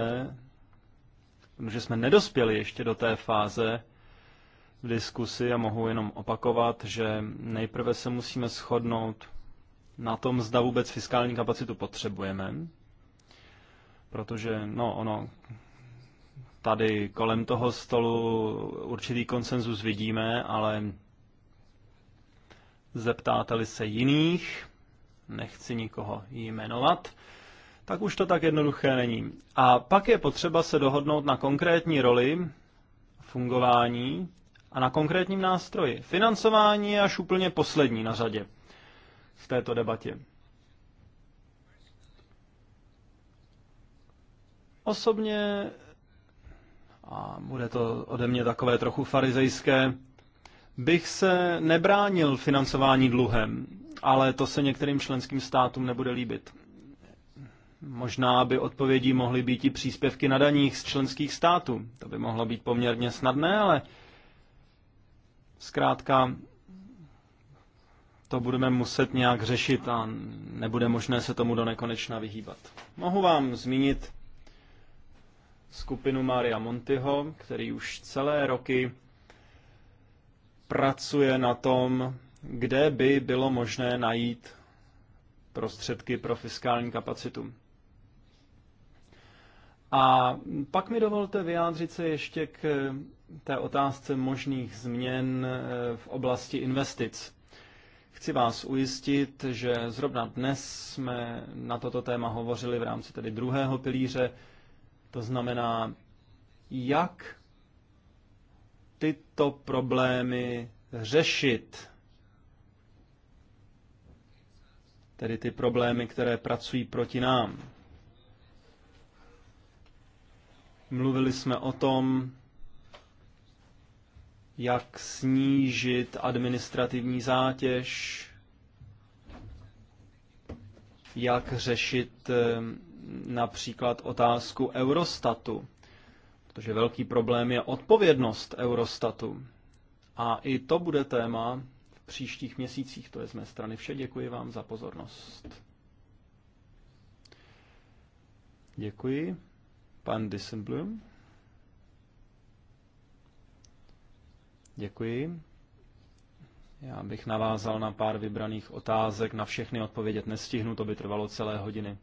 že jsme nedospěli ještě do té fáze v diskusi a mohu jenom opakovat, že nejprve se musíme shodnout na tom, zda vůbec fiskální kapacitu potřebujeme, protože no, ono, tady kolem toho stolu určitý konsenzus vidíme, ale zeptáte-li se jiných, nechci nikoho jmenovat, tak už to tak jednoduché není. A pak je potřeba se dohodnout na konkrétní roli fungování a na konkrétním nástroji. Financování je až úplně poslední na řadě v této debatě. Osobně a bude to ode mě takové trochu farizejské, bych se nebránil financování dluhem, ale to se některým členským státům nebude líbit. Možná by odpovědí mohly být i příspěvky na daních z členských států. To by mohlo být poměrně snadné, ale zkrátka to budeme muset nějak řešit a nebude možné se tomu do nekonečna vyhýbat. Mohu vám zmínit skupinu Maria Montiho, který už celé roky pracuje na tom, kde by bylo možné najít prostředky pro fiskální kapacitu. A pak mi dovolte vyjádřit se ještě k té otázce možných změn eh, v oblasti investic. Chci vás ujistit, že zrovna dnes jsme na toto téma hovořili v rámci tedy druhého pilíře to znamená, jak tyto problémy řešit. Tedy ty problémy, které pracují proti nám. Mluvili jsme o tom, jak snížit administrativní zátěž, jak řešit eh, například otázku Eurostatu, protože velký problém je odpovědnost Eurostatu. A i to bude téma v příštích měsících. To je z mé strany vše. Děkuji vám za pozornost. Děkuji. Pan Dissenblum. Děkuji. Já bych navázal na pár vybraných otázek, na všechny odpovědět nestihnu, to by trvalo celé hodiny.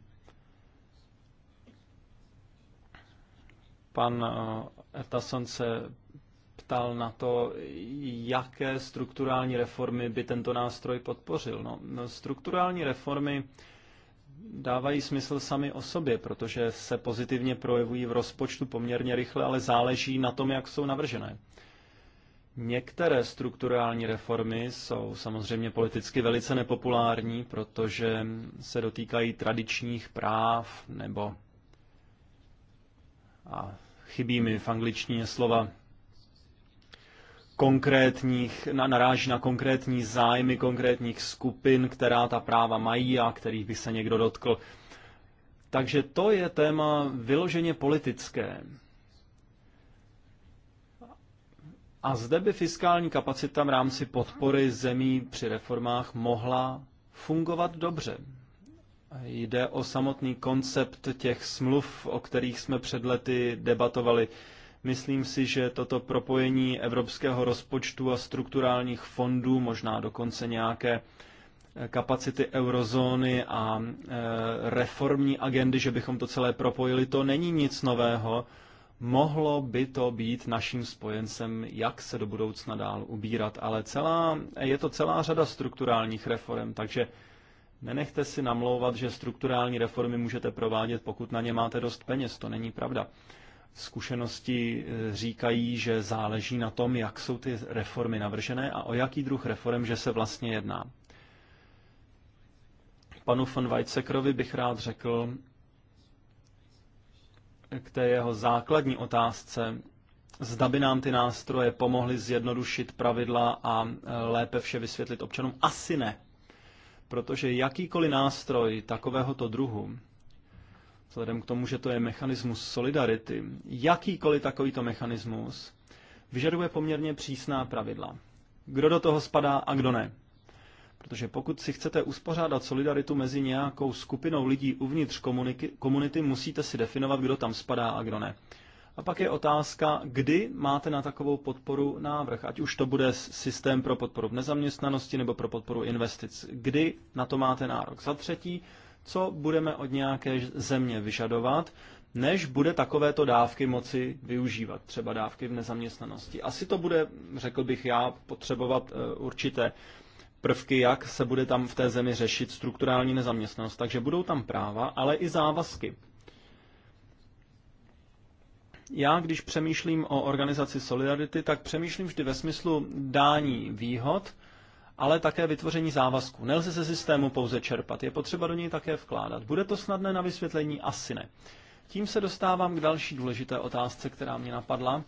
Pan Etason eh, se ptal na to, jaké strukturální reformy by tento nástroj podpořil. No, no, strukturální reformy dávají smysl sami o sobě, protože se pozitivně projevují v rozpočtu poměrně rychle, ale záleží na tom, jak jsou navržené. Některé strukturální reformy jsou samozřejmě politicky velice nepopulární, protože se dotýkají tradičních práv nebo a chybí mi v angličtině slova, konkrétních, naráží na konkrétní zájmy konkrétních skupin, která ta práva mají a kterých by se někdo dotkl. Takže to je téma vyloženě politické. A zde by fiskální kapacita v rámci podpory zemí při reformách mohla fungovat dobře. Jde o samotný koncept těch smluv, o kterých jsme před lety debatovali. Myslím si, že toto propojení evropského rozpočtu a strukturálních fondů, možná dokonce nějaké eh, kapacity eurozóny a eh, reformní agendy, že bychom to celé propojili, to není nic nového. Mohlo by to být naším spojencem, jak se do budoucna dál ubírat, ale celá, je to celá řada strukturálních reform, takže Nenechte si namlouvat, že strukturální reformy můžete provádět, pokud na ně máte dost peněz. To není pravda. Zkušenosti eh, říkají, že záleží na tom, jak jsou ty reformy navržené a o jaký druh reform, že se vlastně jedná. Panu von Weizsäckerovi bych rád řekl eh, k té jeho základní otázce, zda by nám ty nástroje pomohly zjednodušit pravidla a eh, lépe vše vysvětlit občanům. Asi ne protože jakýkoliv nástroj takovéhoto druhu, vzhledem k tomu, že to je mechanismus solidarity, jakýkoliv takovýto mechanismus vyžaduje poměrně přísná pravidla. Kdo do toho spadá a kdo ne. Protože pokud si chcete uspořádat solidaritu mezi nějakou skupinou lidí uvnitř komunity, komunity musíte si definovat, kdo tam spadá a kdo ne. A pak je otázka, kdy máte na takovou podporu návrh, ať už to bude systém pro podporu v nezaměstnanosti nebo pro podporu investic. Kdy na to máte nárok? Za třetí, co budeme od nějaké země vyžadovat, než bude takovéto dávky moci využívat, třeba dávky v nezaměstnanosti. Asi to bude, řekl bych já, potřebovat eh, určité prvky, jak se bude tam v té zemi řešit strukturální nezaměstnanost. Takže budou tam práva, ale i závazky. Já, když přemýšlím o organizaci Solidarity, tak přemýšlím vždy ve smyslu dání výhod, ale také vytvoření závazků. Nelze se systému pouze čerpat, je potřeba do něj také vkládat. Bude to snadné na vysvětlení? Asi ne. Tím se dostávám k další důležité otázce, která mě napadla.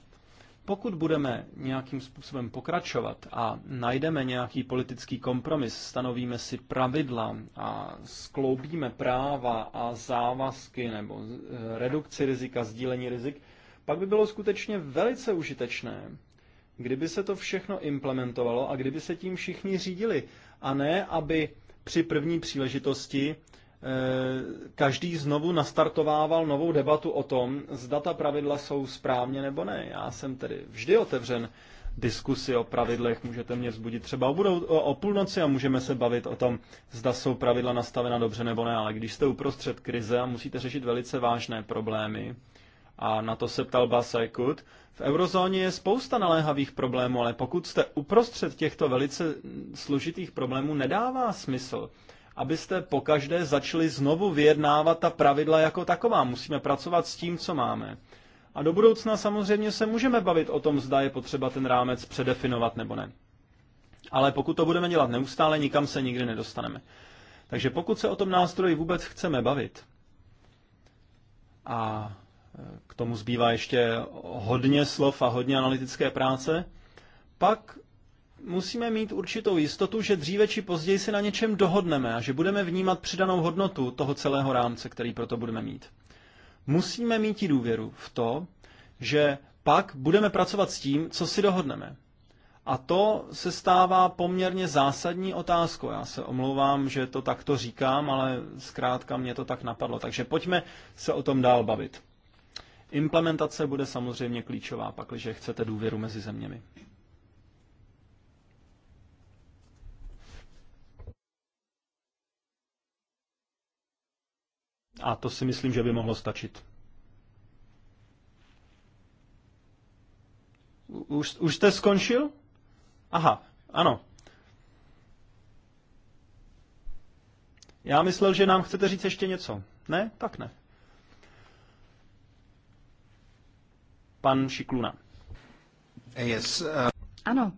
Pokud budeme nějakým způsobem pokračovat a najdeme nějaký politický kompromis, stanovíme si pravidla a skloubíme práva a závazky nebo eh, redukci rizika, sdílení rizik, pak by bylo skutečně velice užitečné, kdyby se to všechno implementovalo a kdyby se tím všichni řídili, a ne, aby při první příležitosti eh, každý znovu nastartovával novou debatu o tom, zda ta pravidla jsou správně nebo ne. Já jsem tedy vždy otevřen diskusi o pravidlech, můžete mě vzbudit třeba o, budou, o, o půlnoci a můžeme se bavit o tom, zda jsou pravidla nastavena dobře nebo ne, ale když jste uprostřed krize a musíte řešit velice vážné problémy, a na to se ptal Basajkut. v eurozóně je spousta naléhavých problémů, ale pokud jste uprostřed těchto velice složitých problémů, nedává smysl, abyste pokaždé začali znovu vyjednávat ta pravidla jako taková. Musíme pracovat s tím, co máme. A do budoucna samozřejmě se můžeme bavit o tom, zda je potřeba ten rámec předefinovat nebo ne. Ale pokud to budeme dělat neustále, nikam se nikdy nedostaneme. Takže pokud se o tom nástroji vůbec chceme bavit, a k tomu zbývá ještě hodně slov a hodně analytické práce. Pak musíme mít určitou jistotu, že dříve či později se na něčem dohodneme a že budeme vnímat přidanou hodnotu toho celého rámce, který proto budeme mít. Musíme mít i důvěru v to, že pak budeme pracovat s tím, co si dohodneme. A to se stává poměrně zásadní otázkou. Já se omlouvám, že to takto říkám, ale zkrátka mě to tak napadlo. Takže pojďme se o tom dál bavit. Implementace bude samozřejmě klíčová, pakliže chcete důvěru mezi zeměmi. A to si myslím, že by mohlo stačit. Už, už jste skončil? Aha, ano. Já myslel, že nám chcete říct ještě něco. Ne? Tak ne. pan Šikluna. Yes, uh... Ano.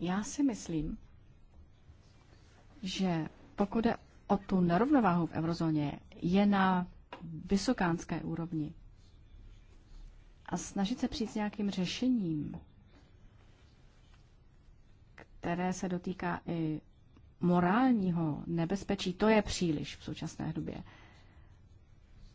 Já si myslím, že pokud je o tu nerovnováhu v eurozóně, je na vysokánské úrovni. A snažit se přijít s nějakým řešením, které se dotýká i morálního nebezpečí, to je příliš v současné době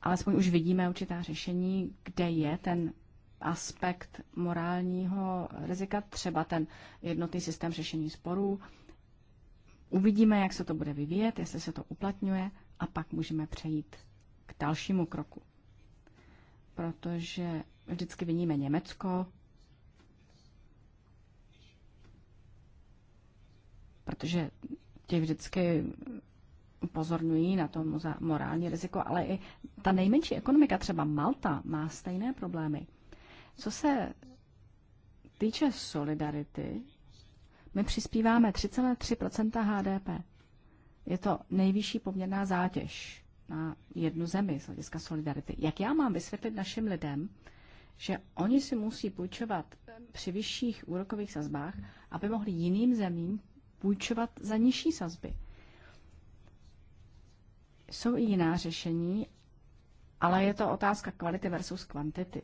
alespoň už vidíme určitá řešení, kde je ten aspekt morálního rizika, třeba ten jednotný systém řešení sporů. Uvidíme, jak se to bude vyvíjet, jestli se to uplatňuje a pak můžeme přejít k dalšímu kroku. Protože vždycky vyníme Německo, protože těch vždycky upozorňují na to morální riziko, ale i ta nejmenší ekonomika, třeba Malta, má stejné problémy. Co se týče solidarity, my přispíváme 3,3 HDP. Je to nejvyšší poměrná zátěž na jednu zemi z hlediska solidarity. Jak já mám vysvětlit našim lidem, že oni si musí půjčovat při vyšších úrokových sazbách, aby mohli jiným zemím půjčovat za nižší sazby? Jsou i jiná řešení, ale je to otázka kvality versus kvantity.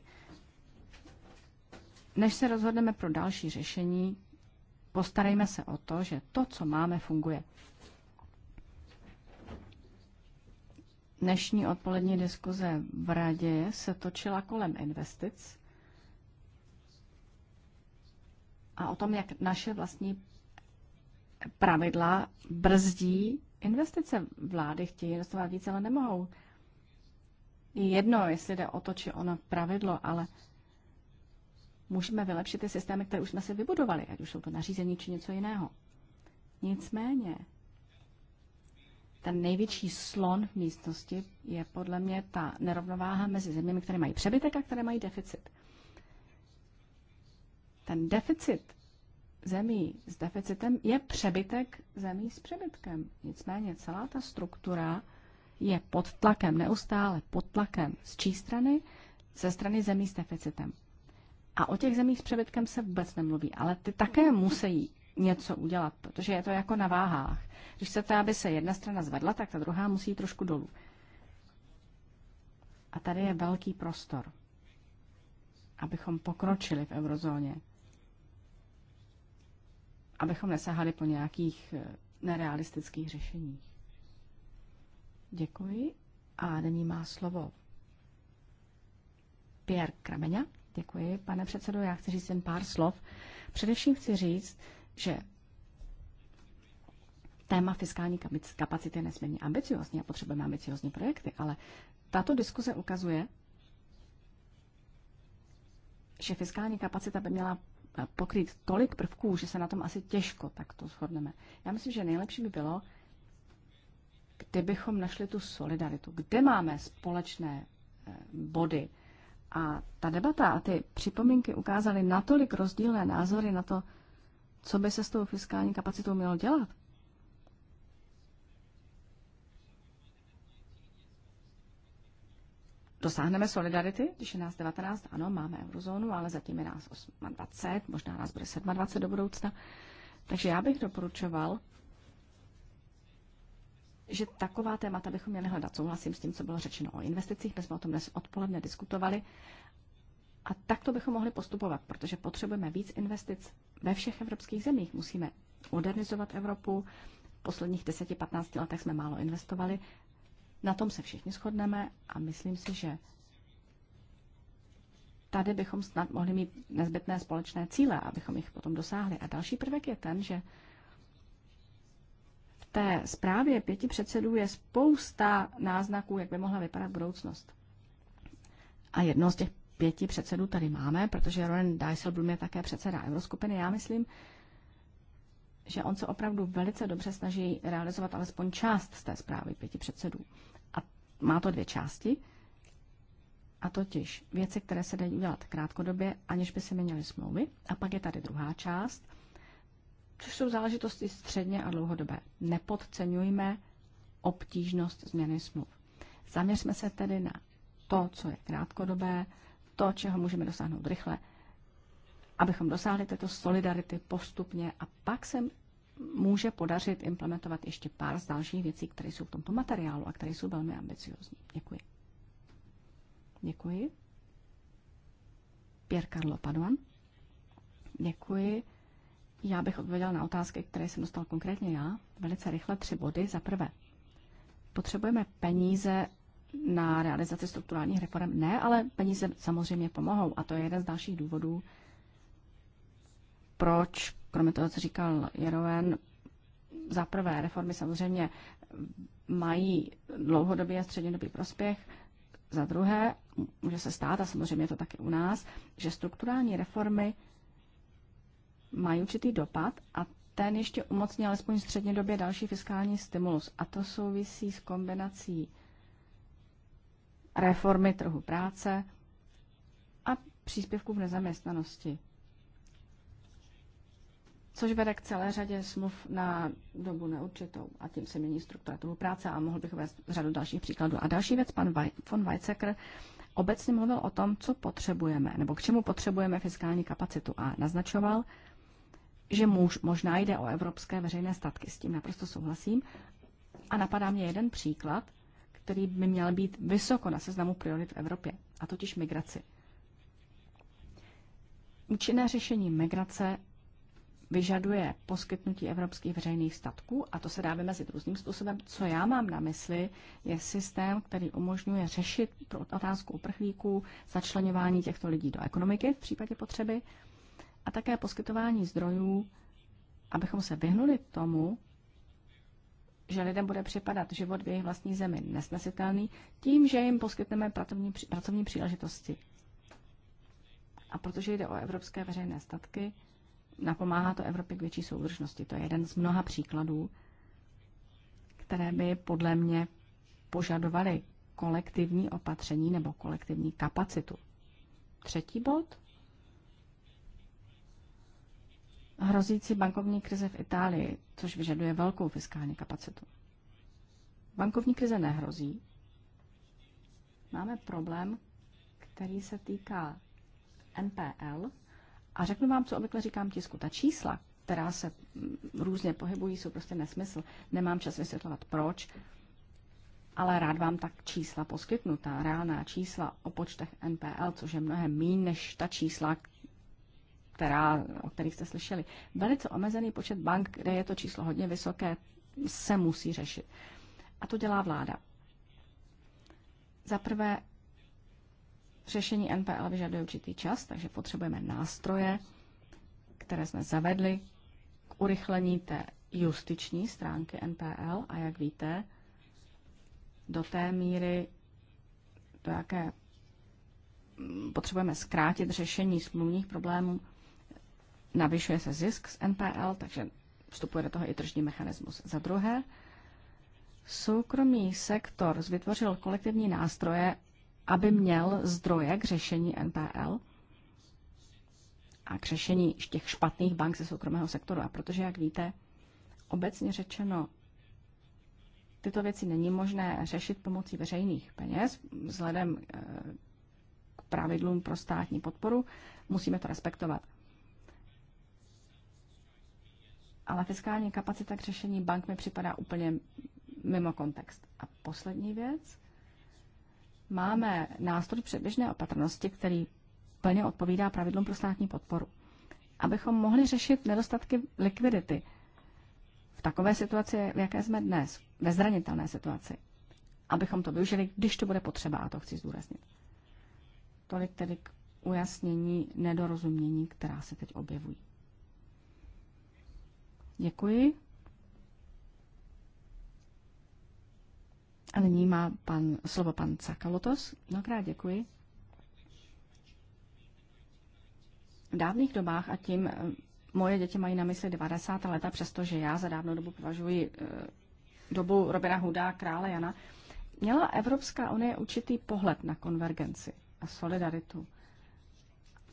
Než se rozhodneme pro další řešení, postarejme se o to, že to, co máme, funguje. Dnešní odpolední diskuze v radě se točila kolem investic a o tom, jak naše vlastní pravidla brzdí investice. Vlády chtějí investovat více, ale nemohou. Je jedno, jestli jde o to či ono pravidlo, ale můžeme vylepšit ty systémy, které už jsme si vybudovali, ať už jsou to nařízení či něco jiného. Nicméně, ten největší slon v místnosti je podle mě ta nerovnováha mezi zeměmi, které mají přebytek a které mají deficit. Ten deficit zemí s deficitem je přebytek zemí s přebytkem. Nicméně celá ta struktura je pod tlakem, neustále pod tlakem z čí strany? Ze strany zemí s deficitem. A o těch zemích s přebytkem se vůbec nemluví, ale ty také musí něco udělat, protože je to jako na váhách. Když chcete, aby se jedna strana zvedla, tak ta druhá musí trošku dolů. A tady je velký prostor, abychom pokročili v eurozóně abychom nesahali po nějakých eh, nerealistických řešeních. Děkuji. A nyní má slovo Pierre Krameňa. Děkuji, pane předsedo. Já chci říct jen pár slov. Především chci říct, že téma fiskální kapacity je nesmírně ambiciozní a potřebujeme ambiciozní projekty, ale tato diskuze ukazuje, že fiskální kapacita by měla Eh, pokrýt tolik prvků, že se na tom asi těžko takto shodneme. Já myslím, že nejlepší by bylo, kdybychom našli tu solidaritu. Kde máme společné eh, body? A ta debata a ty připomínky ukázaly natolik rozdílné názory na to, co by se s tou fiskální kapacitou mělo dělat, Dosáhneme solidarity, když je nás 19, ano, máme eurozónu, ale zatím je nás 28, možná nás bude 27 do budoucna. Takže já bych doporučoval, že taková témata bychom měli hledat. Souhlasím s tím, co bylo řečeno o investicích, my jsme o tom dnes odpoledne diskutovali. A takto bychom mohli postupovat, protože potřebujeme víc investic ve všech evropských zemích. Musíme modernizovat Evropu. V posledních 10-15 letech jsme málo investovali na tom se všichni shodneme a myslím si, že tady bychom snad mohli mít nezbytné společné cíle, abychom jich potom dosáhli. A další prvek je ten, že v té zprávě pěti předsedů je spousta náznaků, jak by mohla vypadat budoucnost. A jedno z těch pěti předsedů tady máme, protože Ronen Dijsselblum je také předseda Euroskupiny. Já myslím, že on se opravdu velice dobře snaží realizovat alespoň část z té zprávy pěti předsedů má to dvě části, a totiž věci, které se dají udělat krátkodobě, aniž by se měnily smlouvy. A pak je tady druhá část, což jsou záležitosti středně a dlouhodobé. Nepodceňujme obtížnost změny smluv. Zaměřme se tedy na to, co je krátkodobé, to, čeho můžeme dosáhnout rychle, abychom dosáhli této solidarity postupně a pak se může podařit implementovat ještě pár z dalších věcí, které jsou v tomto materiálu a které jsou velmi ambiciozní. Děkuji. Děkuji. Pier Carlo Paduan. Děkuji. Já bych odpověděl na otázky, které jsem dostal konkrétně já. Velice rychle tři body. Za prvé, potřebujeme peníze na realizaci strukturálních reform? Ne, ale peníze samozřejmě pomohou. A to je jeden z dalších důvodů, proč kromě toho, co říkal Jeroen, za prvé reformy samozřejmě mají dlouhodobý a střednědobý prospěch, za druhé, může se stát, a samozřejmě je to taky u nás, že strukturální reformy mají určitý dopad a ten ještě umocní alespoň střední době další fiskální stimulus. A to souvisí s kombinací reformy trhu práce a příspěvků v nezaměstnanosti což vede k celé řadě smluv na dobu neurčitou a tím se mění struktura trhu práce a mohl bych vést řadu dalších příkladů. A další věc, pan von Weizsäcker obecně mluvil o tom, co potřebujeme nebo k čemu potřebujeme fiskální kapacitu a naznačoval, že muž, možná jde o evropské veřejné statky, s tím naprosto souhlasím. A napadá mě jeden příklad, který by měl být vysoko na seznamu priorit v Evropě, a totiž migraci. Účinné řešení migrace vyžaduje poskytnutí evropských veřejných statků a to se dá vymezit různým způsobem. Co já mám na mysli, je systém, který umožňuje řešit otázku uprchlíků, začlenování těchto lidí do ekonomiky v případě potřeby a také poskytování zdrojů, abychom se vyhnuli tomu, že lidem bude připadat život v jejich vlastní zemi nesnesitelný, tím, že jim poskytneme pracovní, pracovní příležitosti. A protože jde o evropské veřejné statky, napomáhá to Evropě k větší soudržnosti. To je jeden z mnoha příkladů, které by podle mě požadovaly kolektivní opatření nebo kolektivní kapacitu. Třetí bod. Hrozící bankovní krize v Itálii, což vyžaduje velkou fiskální kapacitu. Bankovní krize nehrozí. Máme problém, který se týká NPL, a řeknu vám, co obvykle říkám tisku. Ta čísla, která se mm, různě pohybují, jsou prostě nesmysl. Nemám čas vysvětlovat proč, ale rád vám tak čísla poskytnu, ta reálná čísla o počtech NPL, což je mnohem méně, než ta čísla, která, o kterých jste slyšeli. Velice omezený počet bank, kde je to číslo hodně vysoké, se musí řešit. A to dělá vláda. Za prvé Řešení NPL vyžaduje určitý čas, takže potřebujeme nástroje, které jsme zavedli k urychlení té justiční stránky NPL a jak víte, do té míry, do jaké mm, potřebujeme zkrátit řešení smluvních problémů, navyšuje se zisk z NPL, takže vstupuje do toho i tržní mechanismus. Za druhé, soukromý sektor vytvořil kolektivní nástroje, aby měl zdroje k řešení NPL a k řešení těch špatných bank ze soukromého sektoru. A protože, jak víte, obecně řečeno, tyto věci není možné řešit pomocí veřejných peněz vzhledem eh, k pravidlům pro státní podporu, musíme to respektovat. Ale fiskální kapacita k řešení bank mi připadá úplně mimo kontext. A poslední věc, máme nástroj předběžné opatrnosti, který plně odpovídá pravidlům pro státní podporu. Abychom mohli řešit nedostatky likvidity v takové situaci, v jaké jsme dnes, ve zranitelné situaci. Abychom to využili, když to bude potřeba, a to chci zdůraznit. Tolik tedy k ujasnění nedorozumění, která se teď objevují. Děkuji. A nyní má pan, slovo pan Cakalotos. Mnohokrát děkuji. V dávných dobách a tím eh, moje děti mají na mysli 90. leta, přestože já za dávnou dobu považuji eh, dobu Robina Huda, krále Jana, měla Evropská unie určitý pohled na konvergenci a solidaritu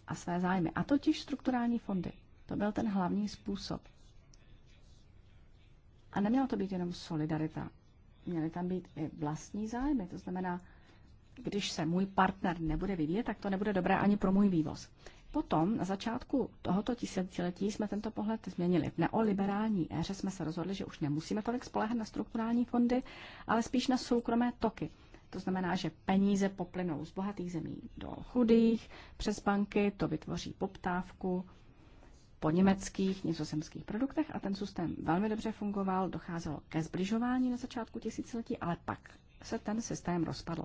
a své zájmy, a totiž strukturální fondy. To byl ten hlavní způsob. A neměla to být jenom solidarita, měly tam být i vlastní zájmy. To znamená, když se můj partner nebude vyvíjet, tak to nebude dobré ani pro můj vývoz. Potom na začátku tohoto tisíciletí jsme tento pohled změnili. V neoliberální éře jsme se rozhodli, že už nemusíme tolik spolehat na strukturální fondy, ale spíš na soukromé toky. To znamená, že peníze poplynou z bohatých zemí do chudých, přes banky, to vytvoří poptávku po německých, nizozemských produktech a ten systém velmi dobře fungoval, docházelo ke zbližování na začátku tisíciletí, ale pak se ten systém rozpadl.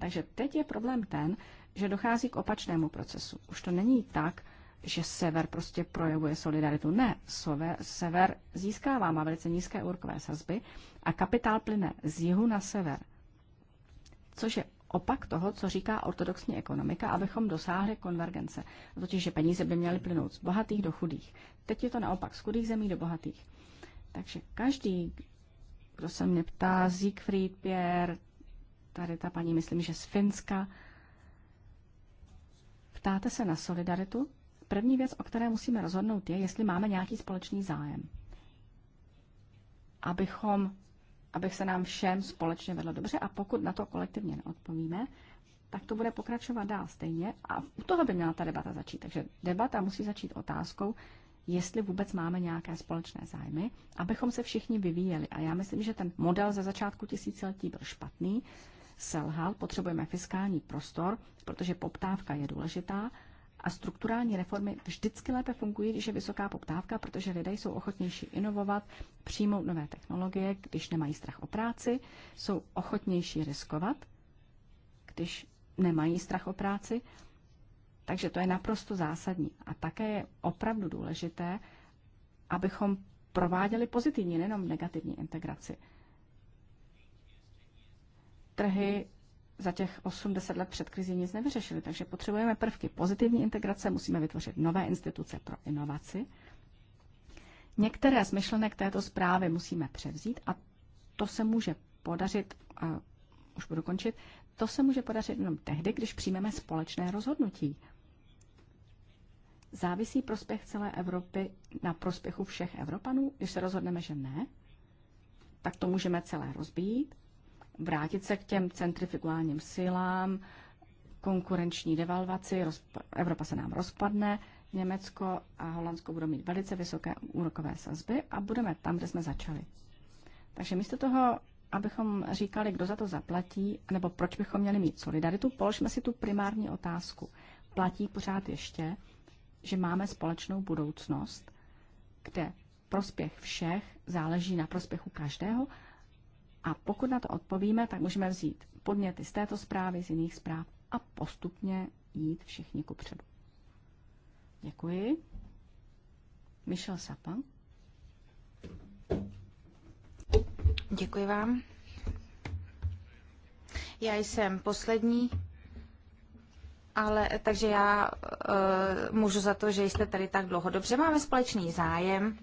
Takže teď je problém ten, že dochází k opačnému procesu. Už to není tak, že sever prostě projevuje solidaritu. Ne, sever, sever získává, má velice nízké úrokové sazby a kapitál plyne z jihu na sever, což je opak toho, co říká ortodoxní ekonomika, abychom dosáhli konvergence. Totiž, že peníze by měly plynout z bohatých do chudých. Teď je to naopak, z chudých zemí do bohatých. Takže každý, kdo se mě ptá, Siegfried Pierre, tady ta paní, myslím, že z Finska, ptáte se na solidaritu. První věc, o které musíme rozhodnout, je, jestli máme nějaký společný zájem. Abychom abych se nám všem společně vedlo dobře a pokud na to kolektivně neodpovíme, tak to bude pokračovat dál stejně a u toho by měla ta debata začít. Takže debata musí začít otázkou, jestli vůbec máme nějaké společné zájmy, abychom se všichni vyvíjeli. A já myslím, že ten model ze začátku tisíciletí byl špatný, selhal, potřebujeme fiskální prostor, protože poptávka je důležitá a strukturální reformy vždycky lépe fungují, když je vysoká poptávka, protože lidé jsou ochotnější inovovat, přijmout nové technologie, když nemají strach o práci, jsou ochotnější riskovat, když nemají strach o práci. Takže to je naprosto zásadní. A také je opravdu důležité, abychom prováděli pozitivní, nejenom negativní integraci. Trhy za těch 8-10 let před krizí nic nevyřešili. Takže potřebujeme prvky pozitivní integrace, musíme vytvořit nové instituce pro inovaci. Některé z myšlenek této zprávy musíme převzít a to se může podařit, a už budu končit, to se může podařit jenom tehdy, když přijmeme společné rozhodnutí. Závisí prospěch celé Evropy na prospěchu všech Evropanů? Když se rozhodneme, že ne, tak to můžeme celé rozbít vrátit se k těm centrifugálním silám, konkurenční devalvaci, Evropa se nám rozpadne, Německo a Holandsko budou mít velice vysoké úrokové sazby a budeme tam, kde jsme začali. Takže místo toho, abychom říkali, kdo za to zaplatí, nebo proč bychom měli mít solidaritu, položme si tu primární otázku. Platí pořád ještě, že máme společnou budoucnost, kde prospěch všech záleží na prospěchu každého a pokud na to odpovíme, tak můžeme vzít podněty z této zprávy, z jiných zpráv a postupně jít všichni ku předu. Děkuji. Michel Sapa. Děkuji vám. Já jsem poslední, ale takže já e, můžu za to, že jste tady tak dlouho. Dobře, máme společný zájem.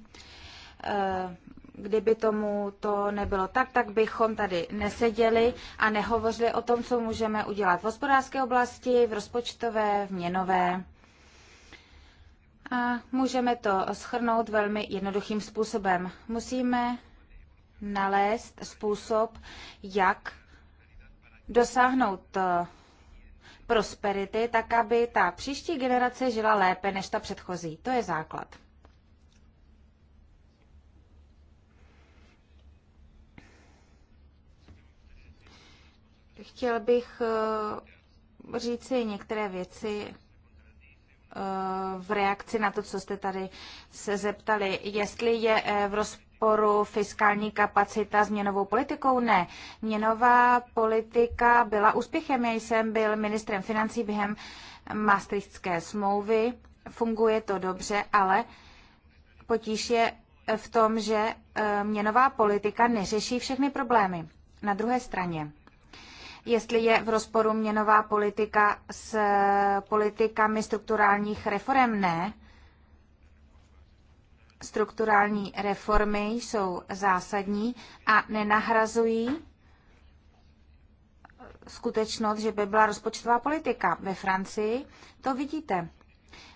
E, kdyby tomu to nebylo tak, tak bychom tady neseděli a nehovořili o tom, co můžeme udělat v hospodářské oblasti, v rozpočtové, v měnové. A můžeme to schrnout velmi jednoduchým způsobem. Musíme nalézt způsob, jak dosáhnout eh, prosperity, tak aby ta příští generace žila lépe než ta předchozí. To je základ. Chtěl bych eh, říci některé věci eh, v reakci na to, co jste tady se zeptali. Jestli je eh, v rozporu fiskální kapacita s měnovou politikou? Ne. Měnová politika byla úspěchem. Já jsem byl ministrem financí během Maastrichtské smlouvy. Funguje to dobře, ale potíž je v tom, že měnová politika neřeší všechny problémy. Na druhé straně jestli je v rozporu měnová politika s politikami strukturálních reform. Ne. Strukturální reformy jsou zásadní a nenahrazují skutečnost, že by byla rozpočtová politika. Ve Francii to vidíte.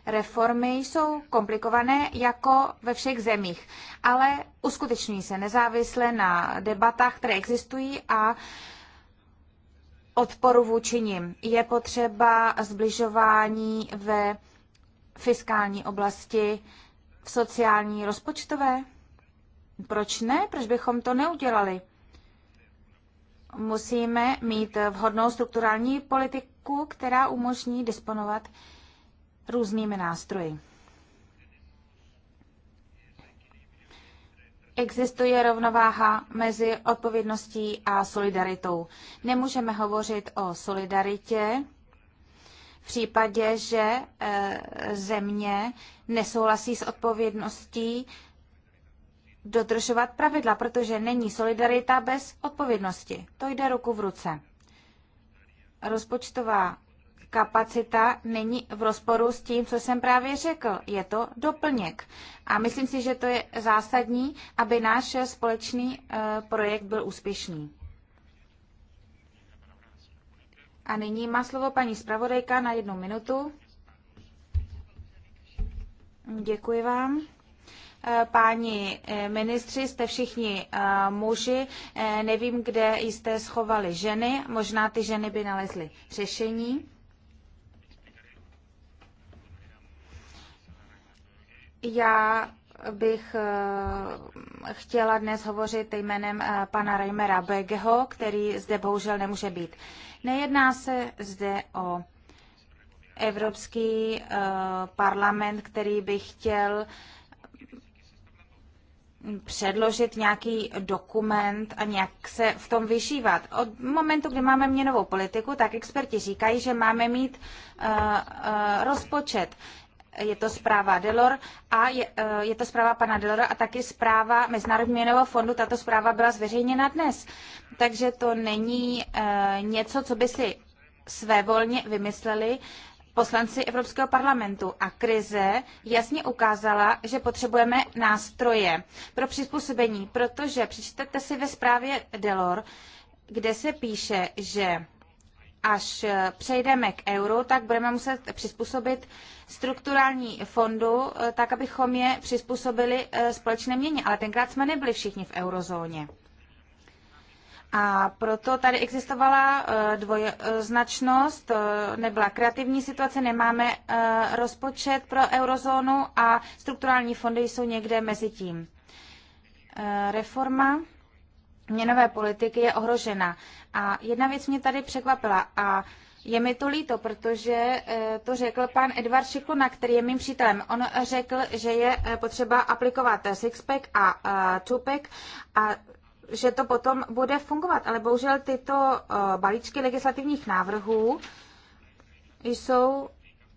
Reformy jsou komplikované jako ve všech zemích, ale uskutečňují se nezávisle na debatách, které existují a odporu vůči nim. Je potřeba zbližování ve fiskální oblasti, v sociální, rozpočtové? Proč ne? Proč bychom to neudělali? Musíme mít vhodnou strukturální politiku, která umožní disponovat různými nástroji. existuje rovnováha mezi odpovědností a solidaritou. Nemůžeme hovořit o solidaritě v případě, že eh, země nesouhlasí s odpovědností dodržovat pravidla, protože není solidarita bez odpovědnosti. To jde ruku v ruce. Rozpočtová kapacita není v rozporu s tím, co jsem právě řekl. Je to doplněk. A myslím si, že to je zásadní, aby náš společný eh, projekt byl úspěšný. A nyní má slovo paní zpravodajka na jednu minutu. Děkuji vám eh, páni eh, ministři, jste všichni muži, nevím, kde jste schovali ženy, možná ty ženy by nalezly řešení. Já bych eh, chtěla dnes hovořit jménem eh, pana Reimera Begeho, který zde bohužel nemůže být. Nejedná se zde o Evropský eh, parlament, který by chtěl předložit nějaký dokument a nějak se v tom vyšívat. Od momentu, kdy máme měnovou politiku, tak experti říkají, že máme mít uh, uh, rozpočet je to zpráva Delor a je, eh, je to zpráva pana Delora a taky zpráva Mezinárodního měnového fondu. Tato zpráva byla zveřejněna dnes. Takže to není eh, něco, co by si svévolně vymysleli poslanci Evropského parlamentu. A krize jasně ukázala, že potřebujeme nástroje pro přizpůsobení, protože přečtete si ve zprávě Delor, kde se píše, že až eh, přejdeme k euru, tak budeme muset přizpůsobit strukturální fondu, eh, tak abychom je přizpůsobili eh, společné měně. Ale tenkrát jsme nebyli všichni v eurozóně. A proto tady existovala dvojznačnost, nebyla kreativní situace, nemáme rozpočet pro eurozónu a strukturální fondy jsou někde mezi tím. Reforma měnové politiky je ohrožena. A jedna věc mě tady překvapila a je mi to líto, protože eh, to řekl pan Edvard Šikluna, který je mým přítelem. On řekl, že je eh, potřeba aplikovat sixpack a eh, twopack a že to potom bude fungovat. Ale bohužel tyto balíčky legislativních návrhů jsou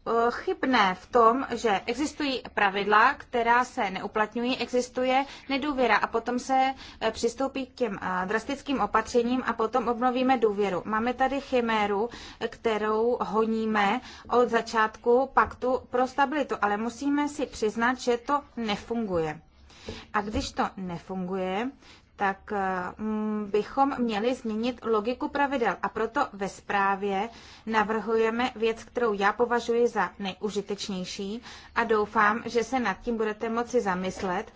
Eh, chybné v tom, že existují pravidla, která se neuplatňují, existuje nedůvěra a potom se eh, přistoupí k těm eh, drastickým opatřením a potom obnovíme důvěru. Máme tady chiméru, kterou honíme od začátku paktu pro stabilitu, ale musíme si přiznat, že to nefunguje. A když to nefunguje, tak eh, mm, bychom měli změnit logiku pravidel. A proto ve zprávě navrhujeme věc, kterou já považuji za nejužitečnější a doufám, že se nad tím budete moci zamyslet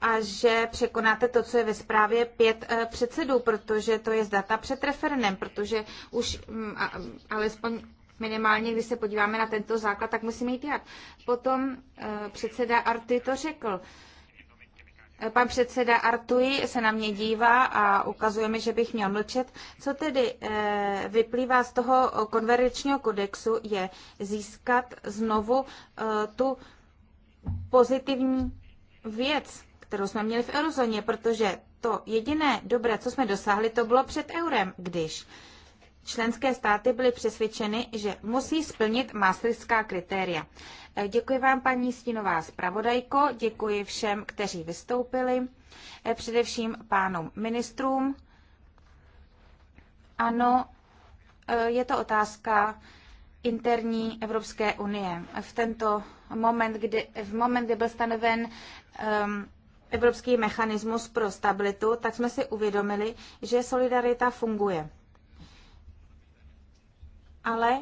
a že překonáte to, co je ve zprávě pět eh, předsedů, protože to je z data před referendem, protože už mm, alespoň minimálně, když se podíváme na tento základ, tak musíme jít jak. Potom eh, předseda Arty to řekl. Pan předseda Artui se na mě dívá a ukazuje mi, že bych měl mlčet. Co tedy eh, vyplývá z toho konverečního kodexu, je získat znovu eh, tu pozitivní věc, kterou jsme měli v eurozóně, protože to jediné dobré, co jsme dosáhli, to bylo před eurem, když členské státy byly přesvědčeny, že musí splnit maastrichtská kritéria. E, děkuji vám, paní Stinová zpravodajko, děkuji všem, kteří vystoupili, e, především pánům ministrům. Ano, e, je to otázka interní Evropské unie. V tento moment, kdy, v moment, kdy byl stanoven um, evropský mechanismus pro stabilitu, tak jsme si uvědomili, že solidarita funguje ale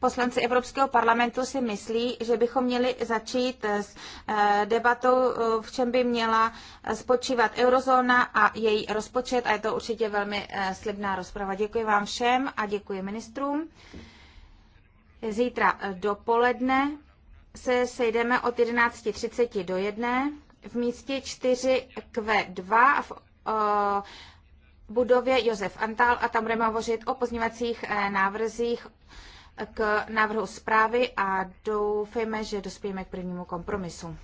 poslanci Evropského parlamentu si myslí, že bychom měli začít s eh, debatou, eh, v čem by měla spočívat eurozóna a její rozpočet. A je to určitě velmi eh, slibná rozprava. Děkuji vám všem a děkuji ministrům. Zítra dopoledne se sejdeme od 11.30 do 1 v místě 4 Q2 v budově Josef Antal a tam budeme hovořit o pozněvacích eh, návrzích k návrhu zprávy a doufejme, že dospějeme k prvnímu kompromisu.